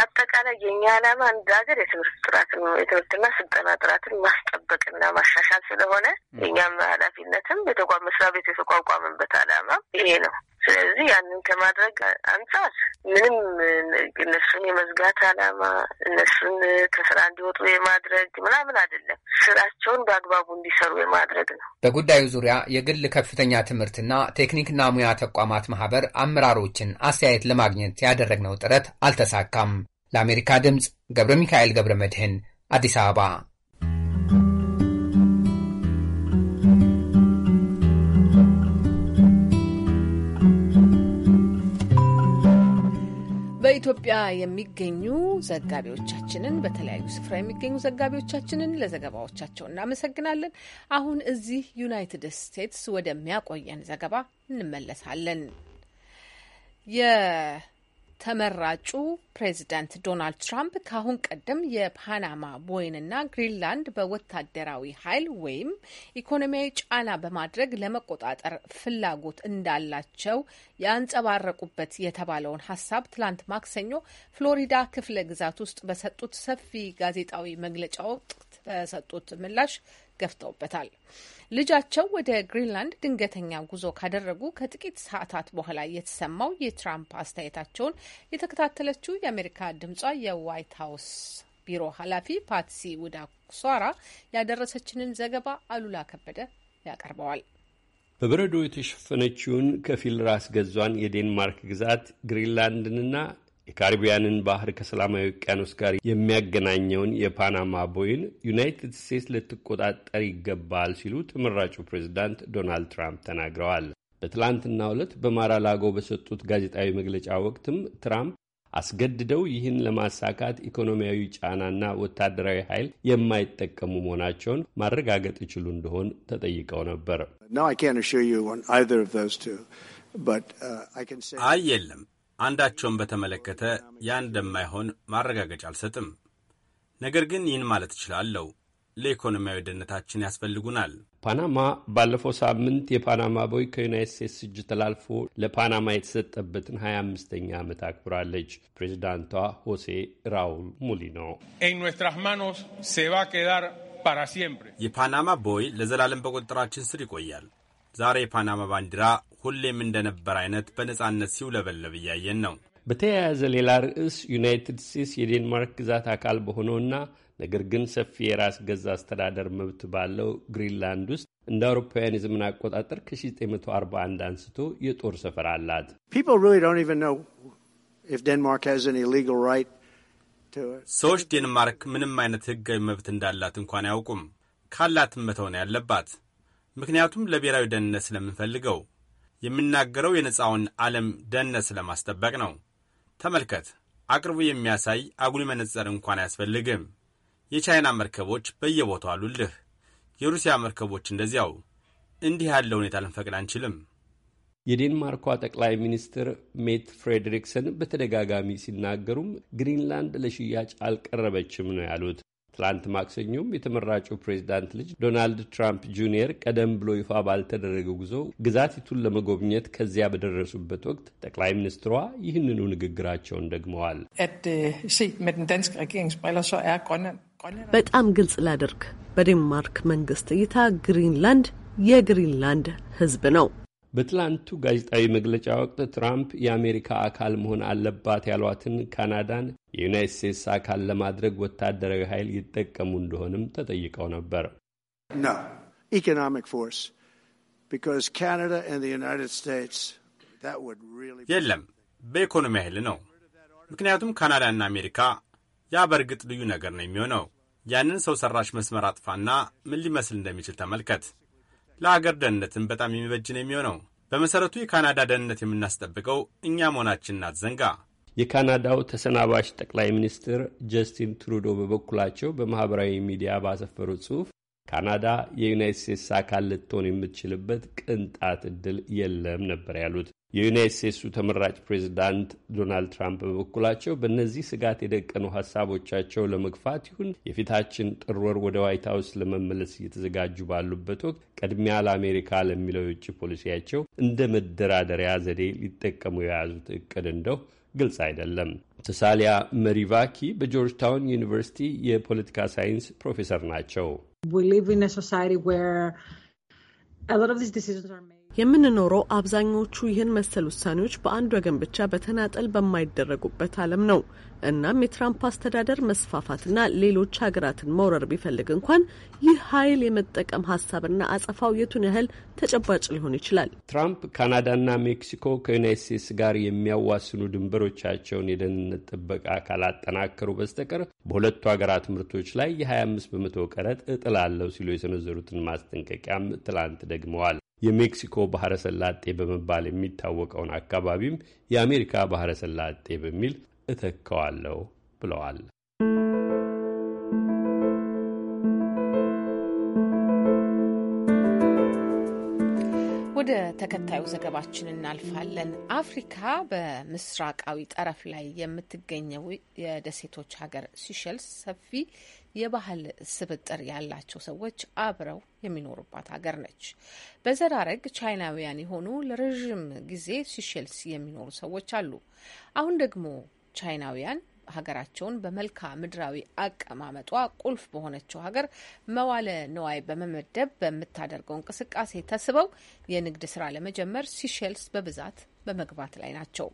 አጠቃላይ የእኛ ዓላማ እንደ ሀገር የትምህርት ጥራትን የትምህርትና ስልጠና ጥራትን ማስጠበቅና ማሻሻል ስለሆነ የእኛም ኃላፊነትም የተቋም መስሪያ ቤት የተቋቋመበት ዓላማ ይሄ ነው። ስለዚህ ያንን ከማድረግ አንጻር ምንም እነሱን የመዝጋት ዓላማ እነሱን ከስራ እንዲወጡ የማድረግ ምናምን አይደለም። ስራቸውን በአግባቡ እንዲሰሩ የማድረግ ነው። በጉዳዩ ዙሪያ የግል ከፍተኛ ትምህርትና ቴክኒክና ሙያ ተቋማት ማህበር አመራሮችን አስተያየት ለማግኘት ያደረግነው ጥረት አልተሳካም። ለአሜሪካ ድምፅ ገብረ ሚካኤል ገብረ መድህን አዲስ አበባ በኢትዮጵያ የሚገኙ ዘጋቢዎቻችንን በተለያዩ ስፍራ የሚገኙ ዘጋቢዎቻችንን ለዘገባዎቻቸው እናመሰግናለን። አሁን እዚህ ዩናይትድ ስቴትስ ወደሚያቆየን ዘገባ እንመለሳለን። ተመራጩ ፕሬዚዳንት ዶናልድ ትራምፕ ከአሁን ቀደም የፓናማ ቦይንና ግሪንላንድ በወታደራዊ ኃይል ወይም ኢኮኖሚያዊ ጫና በማድረግ ለመቆጣጠር ፍላጎት እንዳላቸው ያንጸባረቁበት የተባለውን ሀሳብ ትላንት ማክሰኞ ፍሎሪዳ ክፍለ ግዛት ውስጥ በሰጡት ሰፊ ጋዜጣዊ መግለጫ ወቅት በሰጡት ምላሽ ገፍተውበታል። ልጃቸው ወደ ግሪንላንድ ድንገተኛ ጉዞ ካደረጉ ከጥቂት ሰዓታት በኋላ የተሰማው የትራምፕ አስተያየታቸውን የተከታተለችው የአሜሪካ ድምጿ የዋይት ሀውስ ቢሮ ኃላፊ ፓትሲ ውዳኩሷራ ያደረሰችንን ዘገባ አሉላ ከበደ ያቀርበዋል። በበረዶ የተሸፈነችውን ከፊል ራስ ገዟን የዴንማርክ ግዛት ግሪንላንድንና የካሪቢያንን ባህር ከሰላማዊ ውቅያኖስ ጋር የሚያገናኘውን የፓናማ ቦይን ዩናይትድ ስቴትስ ልትቆጣጠር ይገባል ሲሉ ተመራጩ ፕሬዚዳንት ዶናልድ ትራምፕ ተናግረዋል። ሁለት ዕለት ላጎ በሰጡት ጋዜጣዊ መግለጫ ወቅትም ትራምፕ አስገድደው ይህን ለማሳካት ኢኮኖሚያዊ ጫናና ወታደራዊ ኃይል የማይጠቀሙ መሆናቸውን ማረጋገጥ ይችሉ እንደሆን ተጠይቀው ነበር። uh, አይ የለም አንዳቸውን በተመለከተ ያ እንደማይሆን ማረጋገጫ አልሰጥም። ነገር ግን ይህን ማለት እችላለሁ፣ ለኢኮኖሚያዊ ደህንነታችን ያስፈልጉናል። ፓናማ ባለፈው ሳምንት የፓናማ ቦይ ከዩናይት ስቴትስ እጅ ተላልፎ ለፓናማ የተሰጠበትን 25ኛ ዓመት አክብራለች። ፕሬዚዳንቷ ሆሴ ራውል ሙሊ ነው። የፓናማ ቦይ ለዘላለም በቁጥጥራችን ስር ይቆያል። ዛሬ የፓናማ ባንዲራ ሁሌም እንደነበር አይነት በነጻነት ሲውለበለብ እያየን ነው። በተያያዘ ሌላ ርዕስ ዩናይትድ ስቴትስ የዴንማርክ ግዛት አካል በሆነውና ነገር ግን ሰፊ የራስ ገዝ አስተዳደር መብት ባለው ግሪንላንድ ውስጥ እንደ አውሮፓውያን የዘመን አቆጣጠር ከ1941 አንስቶ የጦር ሰፈር አላት። ሰዎች ዴንማርክ ምንም አይነት ሕጋዊ መብት እንዳላት እንኳን አያውቁም። ካላትም መተው ነው ያለባት። ምክንያቱም ለብሔራዊ ደህንነት ስለምንፈልገው የሚናገረው የነፃውን ዓለም ደህንነት ስለማስጠበቅ ነው። ተመልከት፣ አቅርቡ የሚያሳይ አጉሊ መነጽር እንኳን አያስፈልግም። የቻይና መርከቦች በየቦታው አሉልህ። የሩሲያ መርከቦች እንደዚያው። እንዲህ ያለ ሁኔታ ልንፈቅድ አንችልም። የዴንማርኳ ጠቅላይ ሚኒስትር ሜት ፍሬድሪክሰን በተደጋጋሚ ሲናገሩም ግሪንላንድ ለሽያጭ አልቀረበችም ነው ያሉት። ትላንት ማክሰኞም የተመራጩ ፕሬዚዳንት ልጅ ዶናልድ ትራምፕ ጁኒየር ቀደም ብሎ ይፋ ባልተደረገው ጉዞ ግዛቲቱን ለመጎብኘት ከዚያ በደረሱበት ወቅት ጠቅላይ ሚኒስትሯ ይህንኑ ንግግራቸውን ደግመዋል። uh, er በጣም ግልጽ ላደርግ በዴንማርክ መንግስት እይታ ግሪንላንድ የግሪንላንድ ህዝብ ነው። በትላንቱ ጋዜጣዊ መግለጫ ወቅት ትራምፕ የአሜሪካ አካል መሆን አለባት ያሏትን ካናዳን የዩናይት ስቴትስ አካል ለማድረግ ወታደራዊ ኃይል ይጠቀሙ እንደሆንም ተጠይቀው ነበር። የለም፣ በኢኮኖሚ ኃይል ነው። ምክንያቱም ካናዳና አሜሪካ ያ በእርግጥ ልዩ ነገር ነው የሚሆነው። ያንን ሰው ሰራሽ መስመር አጥፋና ምን ሊመስል እንደሚችል ተመልከት። ለአገር ደህንነትም በጣም የሚበጅ ነው የሚሆነው። በመሰረቱ የካናዳ ደህንነት የምናስጠብቀው እኛ መሆናችንን አትዘንጋ። የካናዳው ተሰናባሽ ጠቅላይ ሚኒስትር ጀስቲን ትሩዶ በበኩላቸው በማኅበራዊ ሚዲያ ባሰፈሩት ጽሑፍ ካናዳ የዩናይት ስቴትስ አካል ልትሆን የምትችልበት ቅንጣት ዕድል የለም ነበር ያሉት። የዩናይት ስቴትሱ ተመራጭ ፕሬዚዳንት ዶናልድ ትራምፕ በበኩላቸው በእነዚህ ስጋት የደቀኑ ሀሳቦቻቸው ለመግፋት ይሁን የፊታችን ጥር ወር ወደ ዋይት ሀውስ ለመመለስ እየተዘጋጁ ባሉበት ወቅት ቅድሚያ ለአሜሪካ ለሚለው የውጭ ፖሊሲያቸው እንደ መደራደሪያ ዘዴ ሊጠቀሙ የያዙት እቅድ እንደው ግልጽ አይደለም። ተሳሊያ መሪቫኪ በጆርጅታውን ዩኒቨርሲቲ የፖለቲካ ሳይንስ ፕሮፌሰር ናቸው። የምንኖረው አብዛኞቹ ይህን መሰል ውሳኔዎች በአንድ ወገን ብቻ በተናጠል በማይደረጉበት ዓለም ነው። እናም የትራምፕ አስተዳደር መስፋፋትና ሌሎች ሀገራትን መውረር ቢፈልግ እንኳን ይህ ኃይል የመጠቀም ሀሳብና አጸፋው የቱን ያህል ተጨባጭ ሊሆን ይችላል? ትራምፕ ካናዳና ሜክሲኮ ከዩናይት ስቴትስ ጋር የሚያዋስኑ ድንበሮቻቸውን የደህንነት ጥበቃ ካላጠናከሩ በስተቀር በሁለቱ ሀገራት ምርቶች ላይ የ25 በመቶ ቀረጥ እጥላለሁ ሲሉ የሰነዘሩትን ማስጠንቀቂያም ትላንት ደግመዋል። የሜክሲኮ ባህረ ሰላጤ በመባል የሚታወቀውን አካባቢም የአሜሪካ ባህረ ሰላጤ በሚል እተካዋለሁ ብለዋል። ወደ ተከታዩ ዘገባችን እናልፋለን። አፍሪካ በምስራቃዊ ጠረፍ ላይ የምትገኘው የደሴቶች ሀገር ሲሸልስ ሰፊ የባህል ስብጥር ያላቸው ሰዎች አብረው የሚኖሩባት ሀገር ነች። በዘራረግ ቻይናውያን የሆኑ ለረዥም ጊዜ ሲሸልስ የሚኖሩ ሰዎች አሉ። አሁን ደግሞ ቻይናውያን ሀገራቸውን በመልካ ምድራዊ አቀማመጧ ቁልፍ በሆነችው ሀገር መዋለ ንዋይ በመመደብ በምታደርገው እንቅስቃሴ ተስበው የንግድ ስራ ለመጀመር ሲሸልስ በብዛት በመግባት ላይ ናቸው።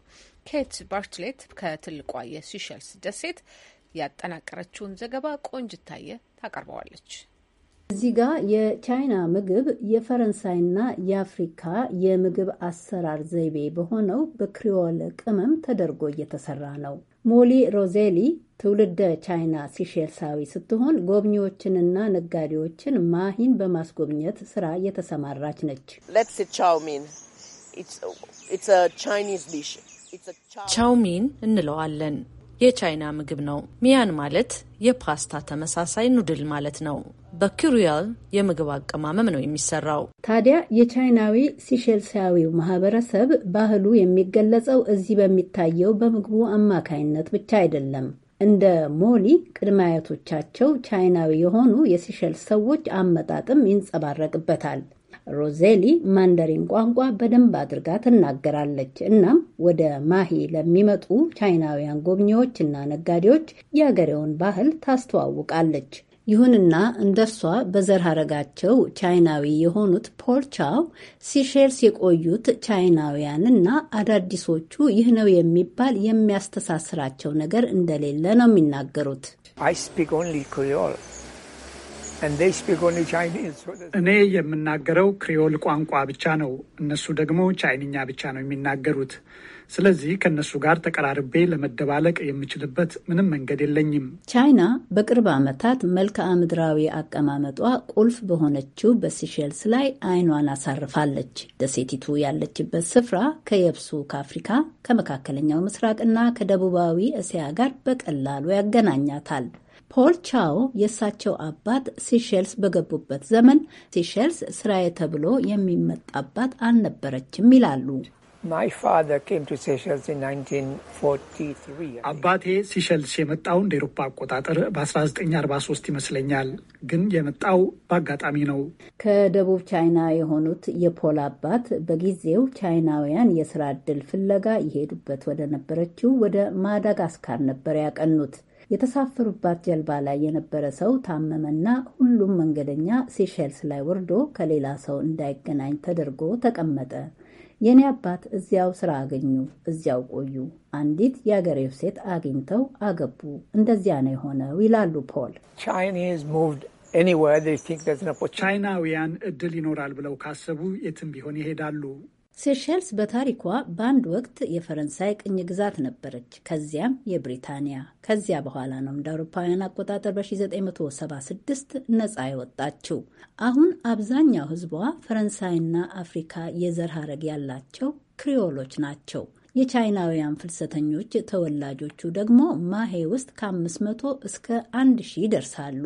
ኬት ባርትሌት ከትልቋ የሲሸልስ ደሴት ያጠናቀረችውን ዘገባ ቆንጅታየ ታቀርበዋለች። እዚህ ጋር የቻይና ምግብ የፈረንሳይና የአፍሪካ የምግብ አሰራር ዘይቤ በሆነው በክሪዮል ቅመም ተደርጎ እየተሰራ ነው። ሞሊ ሮዜሊ ትውልደ ቻይና ሲሼልሳዊ ስትሆን ጎብኚዎችንና ነጋዴዎችን ማሂን በማስጎብኘት ስራ እየተሰማራች ነች። ቻውሚን እንለዋለን የቻይና ምግብ ነው። ሚያን ማለት የፓስታ ተመሳሳይ ኑድል ማለት ነው። በኪሩያል የምግብ አቀማመም ነው የሚሰራው። ታዲያ የቻይናዊ ሲሼልሳዊው ማህበረሰብ ባህሉ የሚገለጸው እዚህ በሚታየው በምግቡ አማካይነት ብቻ አይደለም። እንደ ሞሊ ቅድማያቶቻቸው ቻይናዊ የሆኑ የሲሸል ሰዎች አመጣጥም ይንጸባረቅበታል። ሮዜሊ ማንደሪን ቋንቋ በደንብ አድርጋ ትናገራለች። እናም ወደ ማሂ ለሚመጡ ቻይናውያን ጎብኚዎችና ነጋዴዎች የአገሬውን ባህል ታስተዋውቃለች። ይሁንና እንደሷ በዘር ሀረጋቸው ቻይናዊ የሆኑት ፖልቻው ሲሼልስ የቆዩት ቻይናውያንና አዳዲሶቹ ይህ ነው የሚባል የሚያስተሳስራቸው ነገር እንደሌለ ነው የሚናገሩት። እኔ የምናገረው ክሪዮል ቋንቋ ብቻ ነው። እነሱ ደግሞ ቻይንኛ ብቻ ነው የሚናገሩት። ስለዚህ ከእነሱ ጋር ተቀራርቤ ለመደባለቅ የምችልበት ምንም መንገድ የለኝም። ቻይና በቅርብ ዓመታት መልክዓ ምድራዊ አቀማመጧ ቁልፍ በሆነችው በሲሼልስ ላይ አይኗን አሳርፋለች። ደሴቲቱ ያለችበት ስፍራ ከየብሱ ከአፍሪካ ከመካከለኛው ምስራቅና ከደቡባዊ እስያ ጋር በቀላሉ ያገናኛታል። ፖል ቻው የእሳቸው አባት ሲሼልስ በገቡበት ዘመን ሲሼልስ ስራዬ ተብሎ የሚመጣባት አልነበረችም ይላሉ። አባቴ ሲሸልስ የመጣው እንደ ኤሮፓ አቆጣጠር በ1943 ይመስለኛል፣ ግን የመጣው በአጋጣሚ ነው። ከደቡብ ቻይና የሆኑት የፖል አባት በጊዜው ቻይናውያን የስራ እድል ፍለጋ ይሄዱበት ወደ ነበረችው ወደ ማዳጋስካር ነበር ያቀኑት። የተሳፈሩባት ጀልባ ላይ የነበረ ሰው ታመመና ሁሉም መንገደኛ ሴሸልስ ላይ ወርዶ ከሌላ ሰው እንዳይገናኝ ተደርጎ ተቀመጠ። የእኔ አባት እዚያው ስራ አገኙ፣ እዚያው ቆዩ። አንዲት የአገሬው ሴት አግኝተው አገቡ። እንደዚያ ነው የሆነው ይላሉ ፖል። ቻይናውያን እድል ይኖራል ብለው ካሰቡ የትም ቢሆን ይሄዳሉ። ሴሸልስ በታሪኳ በአንድ ወቅት የፈረንሳይ ቅኝ ግዛት ነበረች፣ ከዚያም የብሪታንያ። ከዚያ በኋላ ነው እንደ አውሮፓውያን አቆጣጠር በ1976 ነጻ የወጣችው። አሁን አብዛኛው ሕዝቧ ፈረንሳይና አፍሪካ የዘር ሀረግ ያላቸው ክሪዮሎች ናቸው። የቻይናውያን ፍልሰተኞች ተወላጆቹ ደግሞ ማሄ ውስጥ ከ500 እስከ 1000 ይደርሳሉ።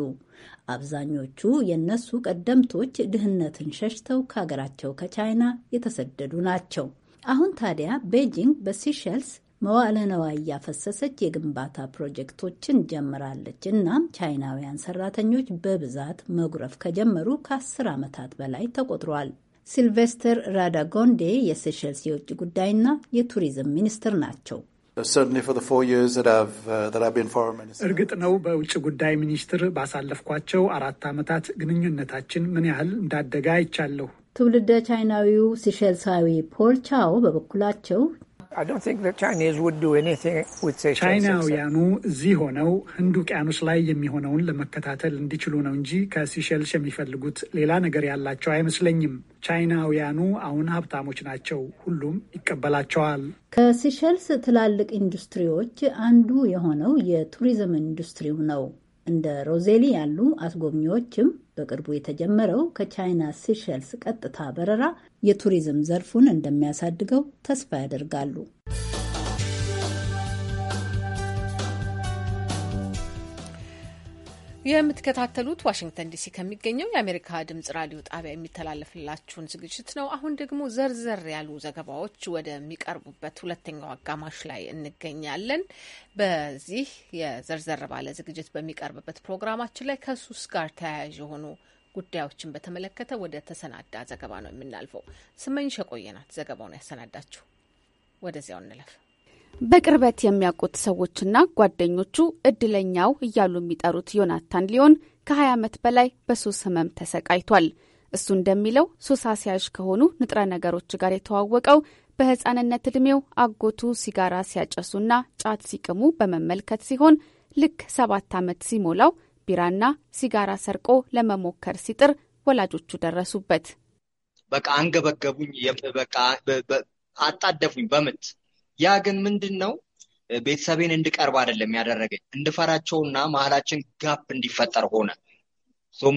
አብዛኞቹ የእነሱ ቀደምቶች ድህነትን ሸሽተው ከሀገራቸው ከቻይና የተሰደዱ ናቸው። አሁን ታዲያ ቤጂንግ በሲሸልስ መዋለ ነዋይ እያፈሰሰች የግንባታ ፕሮጀክቶችን ጀምራለች። እናም ቻይናውያን ሰራተኞች በብዛት መጉረፍ ከጀመሩ ከአስር ዓመታት በላይ ተቆጥሯል። ሲልቬስተር ራዳጎንዴ የሴሸልስ የውጭ ጉዳይና የቱሪዝም ሚኒስትር ናቸው። Uh, እርግጥ ነው በውጭ ጉዳይ ሚኒስትር ባሳለፍኳቸው አራት ዓመታት ግንኙነታችን ምን ያህል እንዳደገ አይቻለሁ። ትውልደ ቻይናዊው ሲሸልሳዊ ፖል ቻው በበኩላቸው ቻይናውያኑ እዚህ ሆነው ህንድ ውቅያኖስ ላይ የሚሆነውን ለመከታተል እንዲችሉ ነው እንጂ ከሲሸልስ የሚፈልጉት ሌላ ነገር ያላቸው አይመስለኝም። ቻይናውያኑ አሁን ሀብታሞች ናቸው፣ ሁሉም ይቀበላቸዋል። ከሲሸልስ ትላልቅ ኢንዱስትሪዎች አንዱ የሆነው የቱሪዝም ኢንዱስትሪው ነው። እንደ ሮዜሊ ያሉ አስጎብኚዎችም በቅርቡ የተጀመረው ከቻይና ሲሸልስ ቀጥታ በረራ የቱሪዝም ዘርፉን እንደሚያሳድገው ተስፋ ያደርጋሉ። የምትከታተሉት ዋሽንግተን ዲሲ ከሚገኘው የአሜሪካ ድምጽ ራዲዮ ጣቢያ የሚተላለፍላችሁን ዝግጅት ነው። አሁን ደግሞ ዘርዘር ያሉ ዘገባዎች ወደሚቀርቡበት ሁለተኛው አጋማሽ ላይ እንገኛለን። በዚህ የዘርዘር ባለ ዝግጅት በሚቀርብበት ፕሮግራማችን ላይ ከሱስ ጋር ተያያዥ የሆኑ ጉዳዮችን በተመለከተ ወደ ተሰናዳ ዘገባ ነው የምናልፈው። ስመኝሽ የቆየናት ዘገባውን ያሰናዳችሁ፣ ወደዚያው እንለፍ። በቅርበት የሚያውቁት ሰዎችና ጓደኞቹ እድለኛው እያሉ የሚጠሩት ዮናታን ሊዮን ከ20 ዓመት በላይ በሱስ ህመም ተሰቃይቷል። እሱ እንደሚለው ሱስ አስያዥ ከሆኑ ንጥረ ነገሮች ጋር የተዋወቀው በህፃንነት ዕድሜው አጎቱ ሲጋራ ሲያጨሱና ጫት ሲቅሙ በመመልከት ሲሆን ልክ ሰባት ዓመት ሲሞላው ቢራና ሲጋራ ሰርቆ ለመሞከር ሲጥር ወላጆቹ ደረሱበት። በቃ አንገበገቡኝ፣ በቃ አጣደፉኝ በምት ያ ግን ምንድን ነው ቤተሰቤን እንድቀርብ አይደለም ያደረገኝ እንድፈራቸውና መሀላችን ጋፕ እንዲፈጠር ሆነ።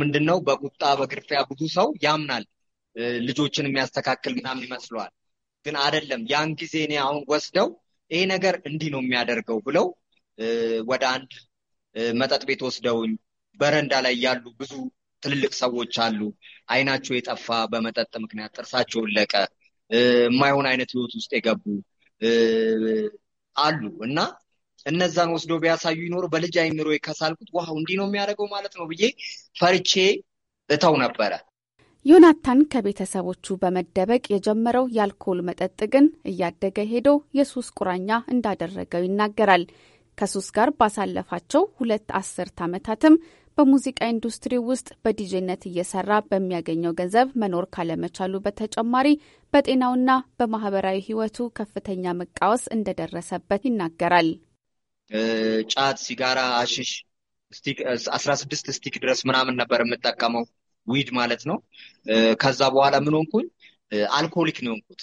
ምንድን ነው በቁጣ በግርፊያ ብዙ ሰው ያምናል ልጆችን የሚያስተካክል ምናምን ይመስለዋል። ግን አይደለም። ያን ጊዜ እኔ አሁን ወስደው ይሄ ነገር እንዲህ ነው የሚያደርገው ብለው ወደ አንድ መጠጥ ቤት ወስደውኝ በረንዳ ላይ ያሉ ብዙ ትልልቅ ሰዎች አሉ። አይናቸው የጠፋ በመጠጥ ምክንያት ጥርሳቸው ለቀ፣ የማይሆን አይነት ህይወት ውስጥ የገቡ አሉ እና እነዛን ወስዶ ቢያሳዩ ይኖሩ በልጅ አይምሮ ከሳልኩት ዋው እንዲህ ነው የሚያደርገው ማለት ነው ብዬ ፈርቼ እተው ነበረ። ዮናታን ከቤተሰቦቹ በመደበቅ የጀመረው የአልኮል መጠጥ ግን እያደገ ሄዶ የሱስ ቁራኛ እንዳደረገው ይናገራል። ከሱስ ጋር ባሳለፋቸው ሁለት አስርት ዓመታትም በሙዚቃ ኢንዱስትሪ ውስጥ በዲጄነት እየሰራ በሚያገኘው ገንዘብ መኖር ካለመቻሉ በተጨማሪ በጤናውና በማህበራዊ ህይወቱ ከፍተኛ መቃወስ እንደደረሰበት ይናገራል። ጫት፣ ሲጋራ፣ አሽሽ አስራ ስድስት ስቲክ ድረስ ምናምን ነበር የምጠቀመው ዊድ ማለት ነው። ከዛ በኋላ ምን ሆንኩኝ? አልኮሊክ ነው ሆንኩት።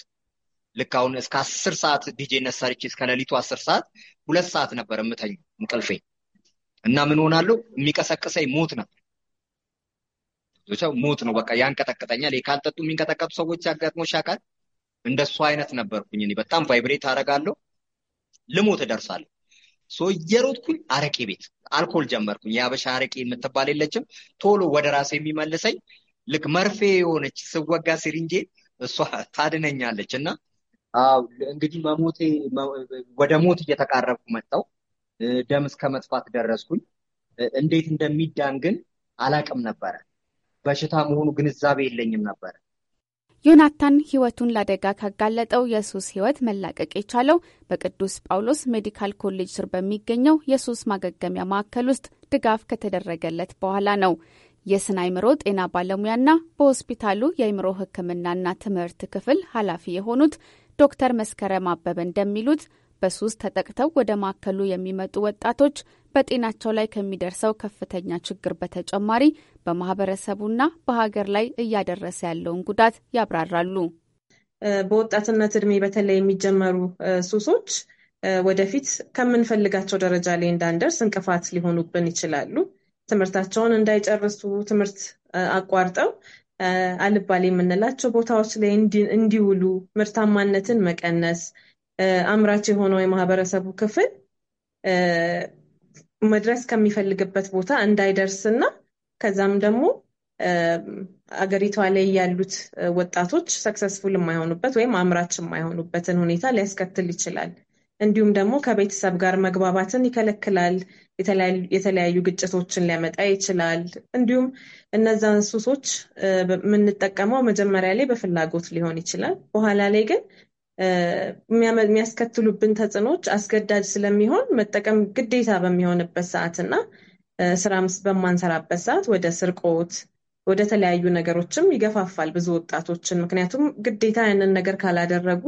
ልክ አሁን እስከ አስር ሰዓት ዲጄነት ሰርቼ እስከ ሌሊቱ አስር ሰዓት ሁለት ሰዓት ነበር የምተኝ እንቅልፌ እና ምን ሆናለሁ የሚቀሰቅሰኝ ሞት ነበር ሰው ሞት ነው በቃ ያንቀጠቅጠኛል ካልጠጡ የሚንቀጠቀጡ ሰዎች ያጋጥሞሽ ያውቃል እንደሱ አይነት ነበርኩኝ እኔ በጣም ቫይብሬት አረጋለሁ ልሞት እደርሳለሁ ሶ እየሮጥኩኝ አረቄ ቤት አልኮል ጀመርኩኝ የአበሻ አረቄ የምትባል የለችም ቶሎ ወደ ራሴ የሚመልሰኝ ልክ መርፌ የሆነች ስወጋ ሲሪንጄ እሷ ታድነኛለች እና እንግዲህ መሞቴ ወደ ሞት እየተቃረብኩ መጣው ደም እስከ መጥፋት ደረስኩኝ። እንዴት እንደሚዳን ግን አላቅም ነበረ። በሽታ መሆኑ ግንዛቤ የለኝም ነበረ። ዮናታን ህይወቱን ለአደጋ ካጋለጠው የሱስ ህይወት መላቀቅ የቻለው በቅዱስ ጳውሎስ ሜዲካል ኮሌጅ ስር በሚገኘው የሱስ ማገገሚያ ማዕከል ውስጥ ድጋፍ ከተደረገለት በኋላ ነው። የስነ አይምሮ ጤና ባለሙያና በሆስፒታሉ የአይምሮ ህክምናና ትምህርት ክፍል ኃላፊ የሆኑት ዶክተር መስከረም አበበ እንደሚሉት በሱስ ተጠቅተው ወደ ማዕከሉ የሚመጡ ወጣቶች በጤናቸው ላይ ከሚደርሰው ከፍተኛ ችግር በተጨማሪ በማህበረሰቡና በሀገር ላይ እያደረሰ ያለውን ጉዳት ያብራራሉ። በወጣትነት እድሜ በተለይ የሚጀመሩ ሱሶች ወደፊት ከምንፈልጋቸው ደረጃ ላይ እንዳንደርስ እንቅፋት ሊሆኑብን ይችላሉ። ትምህርታቸውን እንዳይጨርሱ ትምህርት አቋርጠው አልባሌ የምንላቸው ቦታዎች ላይ እንዲውሉ፣ ምርታማነትን መቀነስ፣ አምራች የሆነው የማህበረሰቡ ክፍል መድረስ ከሚፈልግበት ቦታ እንዳይደርስ እና ከዛም ደግሞ አገሪቷ ላይ ያሉት ወጣቶች ሰክሰስፉል የማይሆኑበት ወይም አምራች የማይሆኑበትን ሁኔታ ሊያስከትል ይችላል። እንዲሁም ደግሞ ከቤተሰብ ጋር መግባባትን ይከለክላል። የተለያዩ ግጭቶችን ሊያመጣ ይችላል። እንዲሁም እነዛን ሱሶች የምንጠቀመው መጀመሪያ ላይ በፍላጎት ሊሆን ይችላል። በኋላ ላይ ግን የሚያስከትሉብን ተጽዕኖች አስገዳጅ ስለሚሆን መጠቀም ግዴታ በሚሆንበት ሰዓት እና ስራ በማንሰራበት ሰዓት ወደ ስርቆት፣ ወደ ተለያዩ ነገሮችም ይገፋፋል ብዙ ወጣቶችን። ምክንያቱም ግዴታ ያንን ነገር ካላደረጉ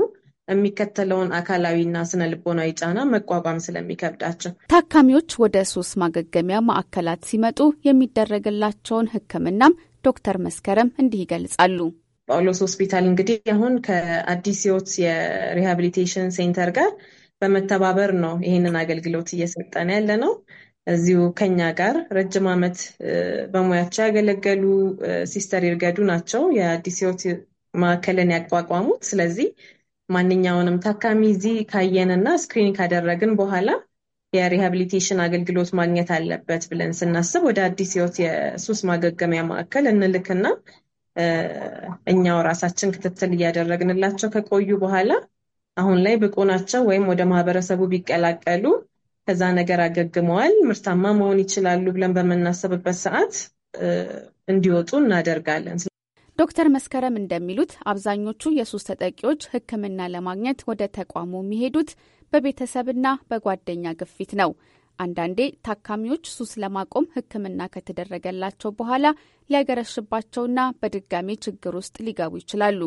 የሚከተለውን አካላዊና ስነ ልቦናዊ ጫና መቋቋም ስለሚከብዳቸው ታካሚዎች ወደ ሶስት ማገገሚያ ማዕከላት ሲመጡ የሚደረግላቸውን ሕክምናም ዶክተር መስከረም እንዲህ ይገልጻሉ። ጳውሎስ ሆስፒታል እንግዲህ አሁን ከአዲስ ህይወት የሪሃብሊቴሽን ሴንተር ጋር በመተባበር ነው ይህንን አገልግሎት እየሰጠን ያለ ነው። እዚሁ ከኛ ጋር ረጅም ዓመት በሙያቸው ያገለገሉ ሲስተር ይርገዱ ናቸው የአዲስ ህይወት ማዕከልን ያቋቋሙት። ስለዚህ ማንኛውንም ታካሚ እዚህ ካየንና ስክሪን ካደረግን በኋላ የሪሃብሊቴሽን አገልግሎት ማግኘት አለበት ብለን ስናስብ ወደ አዲስ ህይወት የሱስ ማገገሚያ ማዕከል እንልክና እኛው ራሳችን ክትትል እያደረግንላቸው ከቆዩ በኋላ አሁን ላይ ብቁ ናቸው ወይም ወደ ማህበረሰቡ ቢቀላቀሉ ከዛ ነገር አገግመዋል፣ ምርታማ መሆን ይችላሉ ብለን በምናስብበት ሰዓት እንዲወጡ እናደርጋለን። ዶክተር መስከረም እንደሚሉት አብዛኞቹ የሱስ ተጠቂዎች ሕክምና ለማግኘት ወደ ተቋሙ የሚሄዱት በቤተሰብና በጓደኛ ግፊት ነው። አንዳንዴ ታካሚዎች ሱስ ለማቆም ሕክምና ከተደረገላቸው በኋላ ሊያገረሽባቸውና በድጋሚ ችግር ውስጥ ሊገቡ ይችላሉ።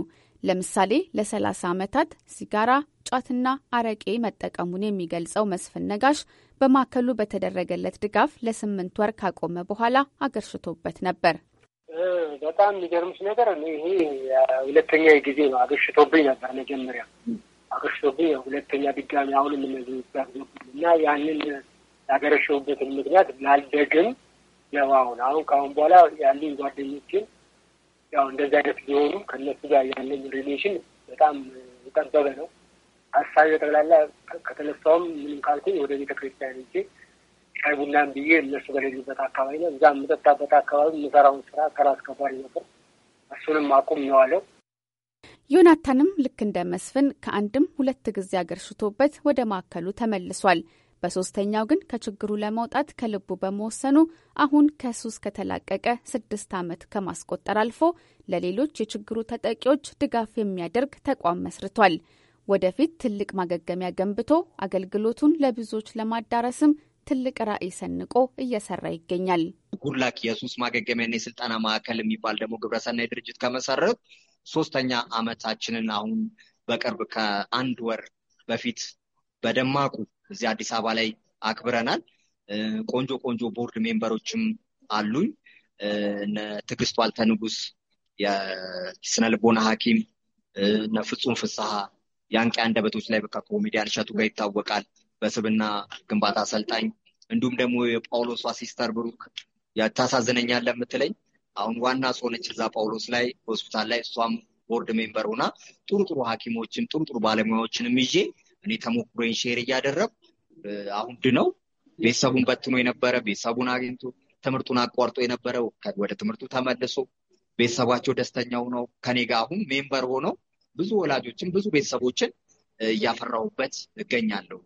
ለምሳሌ ለ30 ዓመታት ሲጋራ፣ ጫትና አረቄ መጠቀሙን የሚገልጸው መስፍን ነጋሽ በማዕከሉ በተደረገለት ድጋፍ ለስምንት ወር ካቆመ በኋላ አገርሽቶበት ነበር። በጣም የሚገርምሽ ነገር ይሄ ሁለተኛ ጊዜ ነው። አገርሽቶብኝ ነበር መጀመሪያ አገርሽቶብኝ፣ ሁለተኛ ድጋሚ አሁን እነዚህ እና ያንን ያገረሸውበትን ምክንያት ላልደግም ያው አሁን አሁን ከአሁን በኋላ ያሉኝ ጓደኞችን ያው እንደዚህ አይነት ቢሆኑ ከነሱ ጋር ያለኝ ሪሌሽን በጣም የጠበበ ነው። አሳቢ ጠቅላላ ከተነሳውም ምንም ካልኩኝ ወደ ቤተ ክርስቲያን ሄጄ ሻይ ቡናም ብዬ እነሱ በሌሉበት አካባቢ ነው እዛ የምጠጣበት አካባቢ የምሰራውን ስራ ከራ አስከባሪ ነበር። እሱንም አቁም ነው አለው። ዮናታንም ልክ እንደ መስፍን ከአንድም ሁለት ጊዜ አገርሽቶበት ወደ ማዕከሉ ተመልሷል። በሶስተኛው ግን ከችግሩ ለመውጣት ከልቡ በመወሰኑ አሁን ከሱስ ከተላቀቀ ስድስት ዓመት ከማስቆጠር አልፎ ለሌሎች የችግሩ ተጠቂዎች ድጋፍ የሚያደርግ ተቋም መስርቷል። ወደፊት ትልቅ ማገገሚያ ገንብቶ አገልግሎቱን ለብዙዎች ለማዳረስም ትልቅ ራዕይ ሰንቆ እየሰራ ይገኛል። ጉላክ የሱስ ማገገሚያና የስልጠና ማዕከል የሚባል ደግሞ ግብረሰናይ ድርጅት ከመሰረት ሶስተኛ ዓመታችንን አሁን በቅርብ ከአንድ ወር በፊት በደማቁ እዚህ አዲስ አበባ ላይ አክብረናል። ቆንጆ ቆንጆ ቦርድ ሜምበሮችም አሉኝ። እነ ትዕግስት ዋልተ ንጉስ የስነ ልቦና ሐኪም እነ ፍጹም ፍስሐ የአንቂ አንደበቶች ላይ በቃ ኮሜዲያን እሸቱ ጋር ይታወቃል፣ በስብና ግንባታ አሰልጣኝ። እንዲሁም ደግሞ የጳውሎሷ ሲስተር ብሩክ ታሳዝነኛል ለምትለኝ አሁን ዋና ሰሆነች እዛ ጳውሎስ ላይ ሆስፒታል ላይ እሷም ቦርድ ሜምበር ሆና ጥሩ ጥሩ ሐኪሞችን ጥሩ ጥሩ ባለሙያዎችንም ይዤ እኔ ተሞክሮኝ ሼር እያደረግ አሁን ድነው ቤተሰቡን በትኖ የነበረ ቤተሰቡን አግኝቶ ትምህርቱን አቋርጦ የነበረው ወደ ትምህርቱ ተመልሶ ቤተሰባቸው ደስተኛው ነው። ከኔ ጋር አሁን ሜምበር ሆነው ብዙ ወላጆችን ብዙ ቤተሰቦችን እያፈራሁበት እገኛለሁ።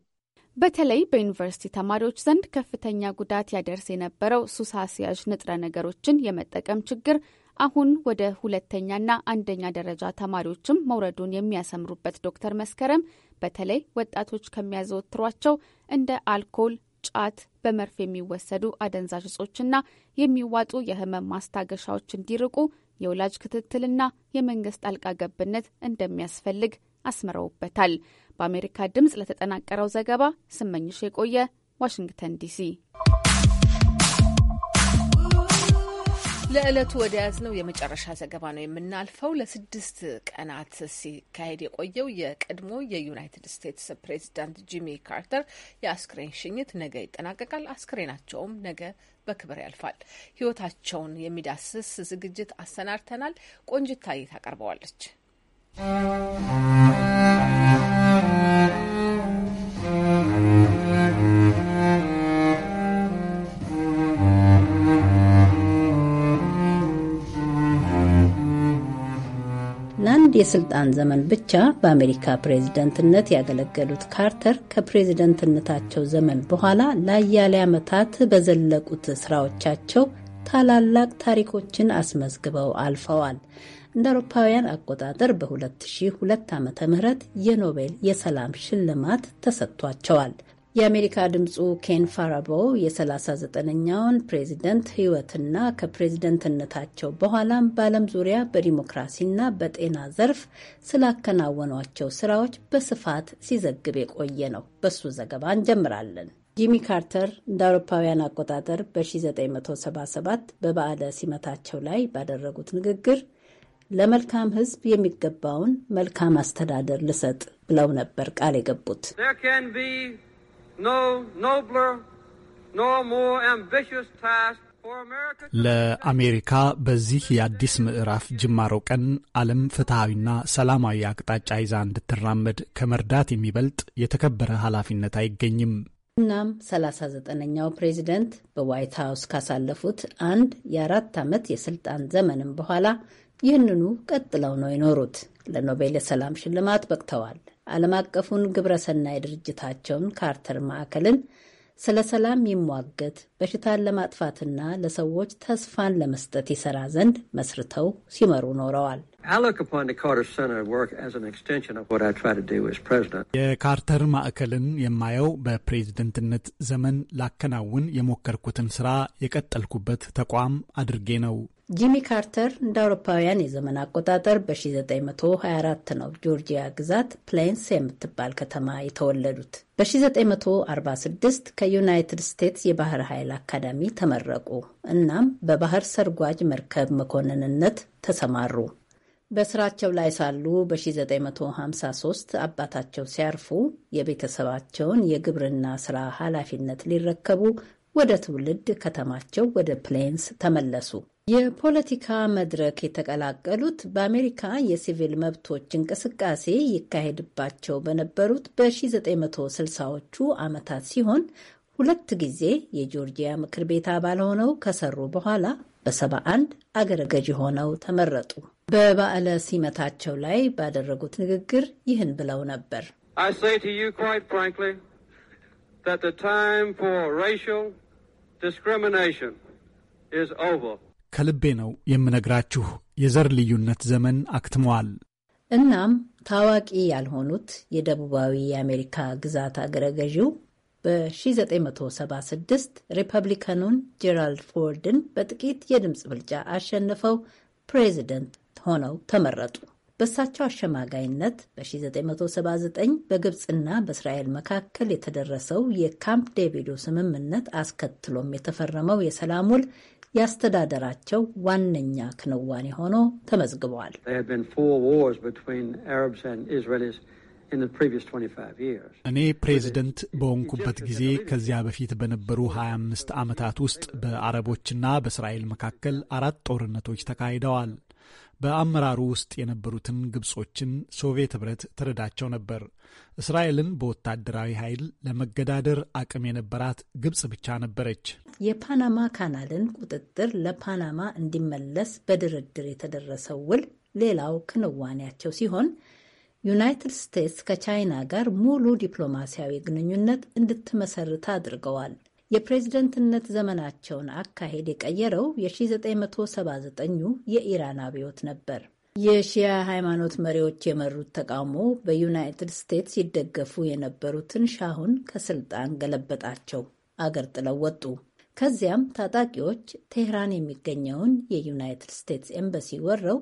በተለይ በዩኒቨርሲቲ ተማሪዎች ዘንድ ከፍተኛ ጉዳት ያደርስ የነበረው ሱስ አስያዥ ንጥረ ነገሮችን የመጠቀም ችግር አሁን ወደ ሁለተኛና አንደኛ ደረጃ ተማሪዎችም መውረዱን የሚያሰምሩበት ዶክተር መስከረም በተለይ ወጣቶች ከሚያዘወትሯቸው እንደ አልኮል፣ ጫት፣ በመርፍ የሚወሰዱ አደንዛዥ እጾችና የሚዋጡ የህመም ማስታገሻዎች እንዲርቁ የወላጅ ክትትልና የመንግስት ጣልቃ ገብነት እንደሚያስፈልግ አስምረውበታል። በአሜሪካ ድምፅ ለተጠናቀረው ዘገባ ስመኝሽ የቆየ ዋሽንግተን ዲሲ ለዕለቱ ወደ ያዝነው የመጨረሻ ዘገባ ነው የምናልፈው። ለስድስት ቀናት ሲካሄድ የቆየው የቀድሞ የዩናይትድ ስቴትስ ፕሬዚዳንት ጂሚ ካርተር የአስክሬን ሽኝት ነገ ይጠናቀቃል። አስክሬናቸውም ነገ በክብር ያልፋል። ሕይወታቸውን የሚዳስስ ዝግጅት አሰናድተናል። ቆንጅታ ታዬ ታቀርበዋለች። የስልጣን ዘመን ብቻ በአሜሪካ ፕሬዝደንትነት ያገለገሉት ካርተር ከፕሬዝደንትነታቸው ዘመን በኋላ ለአያሌ ዓመታት በዘለቁት ስራዎቻቸው ታላላቅ ታሪኮችን አስመዝግበው አልፈዋል። እንደ አውሮፓውያን አቆጣጠር በ2002 ዓ ም የኖቤል የሰላም ሽልማት ተሰጥቷቸዋል። የአሜሪካ ድምፁ ኬን ፋራቦ የ39ኛውን ፕሬዚደንት ህይወትና ከፕሬዝደንትነታቸው በኋላም በዓለም ዙሪያ በዲሞክራሲና በጤና ዘርፍ ስላከናወኗቸው ስራዎች በስፋት ሲዘግብ የቆየ ነው። በሱ ዘገባ እንጀምራለን። ጂሚ ካርተር እንደ አውሮፓውያን አቆጣጠር በ1977 በበዓለ ሲመታቸው ላይ ባደረጉት ንግግር ለመልካም ህዝብ የሚገባውን መልካም አስተዳደር ልሰጥ ብለው ነበር ቃል የገቡት። ለአሜሪካ በዚህ የአዲስ ምዕራፍ ጅማሮ ቀን ዓለም ፍትሐዊና ሰላማዊ አቅጣጫ ይዛ እንድትራመድ ከመርዳት የሚበልጥ የተከበረ ኃላፊነት አይገኝም። እናም 39ኛው ፕሬዚደንት በዋይት ሀውስ ካሳለፉት አንድ የአራት ዓመት የስልጣን ዘመንም በኋላ ይህንኑ ቀጥለው ነው የኖሩት። ለኖቤል የሰላም ሽልማት በቅተዋል። ዓለም አቀፉን ግብረሰናይ ድርጅታቸውን ካርተር ማዕከልን ስለ ሰላም ይሟገት በሽታን ለማጥፋትና ለሰዎች ተስፋን ለመስጠት ይሰራ ዘንድ መስርተው ሲመሩ ኖረዋል። የካርተር ማዕከልን የማየው በፕሬዝደንትነት ዘመን ላከናውን የሞከርኩትን ስራ የቀጠልኩበት ተቋም አድርጌ ነው። ጂሚ ካርተር እንደ አውሮፓውያን የዘመን አቆጣጠር በ1924 ነው ጆርጂያ ግዛት ፕሌንስ የምትባል ከተማ የተወለዱት። በ1946 ከዩናይትድ ስቴትስ የባህር ኃይል አካዳሚ ተመረቁ። እናም በባህር ሰርጓጅ መርከብ መኮንንነት ተሰማሩ። በስራቸው ላይ ሳሉ በ1953 አባታቸው ሲያርፉ የቤተሰባቸውን የግብርና ስራ ኃላፊነት ሊረከቡ ወደ ትውልድ ከተማቸው ወደ ፕሌንስ ተመለሱ። የፖለቲካ መድረክ የተቀላቀሉት በአሜሪካ የሲቪል መብቶች እንቅስቃሴ ይካሄድባቸው በነበሩት በ1960ዎቹ ዓመታት ሲሆን ሁለት ጊዜ የጆርጂያ ምክር ቤት አባል ሆነው ከሰሩ በኋላ በ71 አገረ ገዢ ሆነው ተመረጡ። በበዓለ ሲመታቸው ላይ ባደረጉት ንግግር ይህን ብለው ነበር። that the time for racial discrimination is over. ከልቤ ነው የምነግራችሁ። የዘር ልዩነት ዘመን አክትመዋል። እናም ታዋቂ ያልሆኑት የደቡባዊ የአሜሪካ ግዛት አገረ ገዢው በ1976 ሪፐብሊካኑን ጄራልድ ፎርድን በጥቂት የድምፅ ብልጫ አሸንፈው ፕሬዚደንት ሆነው ተመረጡ። በእሳቸው አሸማጋይነት በ1979 በግብፅና በእስራኤል መካከል የተደረሰው የካምፕ ዴቪዱ ስምምነት አስከትሎም የተፈረመው የሰላም ውል የአስተዳደራቸው ዋነኛ ክንዋኔ ሆኖ ተመዝግቧል። እኔ ፕሬዝደንት በሆንኩበት ጊዜ ከዚያ በፊት በነበሩ 25 ዓመታት ውስጥ በአረቦችና በእስራኤል መካከል አራት ጦርነቶች ተካሂደዋል። በአመራሩ ውስጥ የነበሩትን ግብጾችን ሶቪየት ህብረት ትረዳቸው ነበር። እስራኤልን በወታደራዊ ኃይል ለመገዳደር አቅም የነበራት ግብጽ ብቻ ነበረች። የፓናማ ካናልን ቁጥጥር ለፓናማ እንዲመለስ በድርድር የተደረሰው ውል ሌላው ክንዋኔያቸው ሲሆን ዩናይትድ ስቴትስ ከቻይና ጋር ሙሉ ዲፕሎማሲያዊ ግንኙነት እንድትመሰርት አድርገዋል። የፕሬዝደንትነት ዘመናቸውን አካሄድ የቀየረው የ1979ኙ የኢራን አብዮት ነበር። የሺያ ሃይማኖት መሪዎች የመሩት ተቃውሞ በዩናይትድ ስቴትስ ይደገፉ የነበሩትን ሻሁን ከስልጣን ገለበጣቸው። አገር ጥለው ወጡ። ከዚያም ታጣቂዎች ቴህራን የሚገኘውን የዩናይትድ ስቴትስ ኤምባሲ ወረው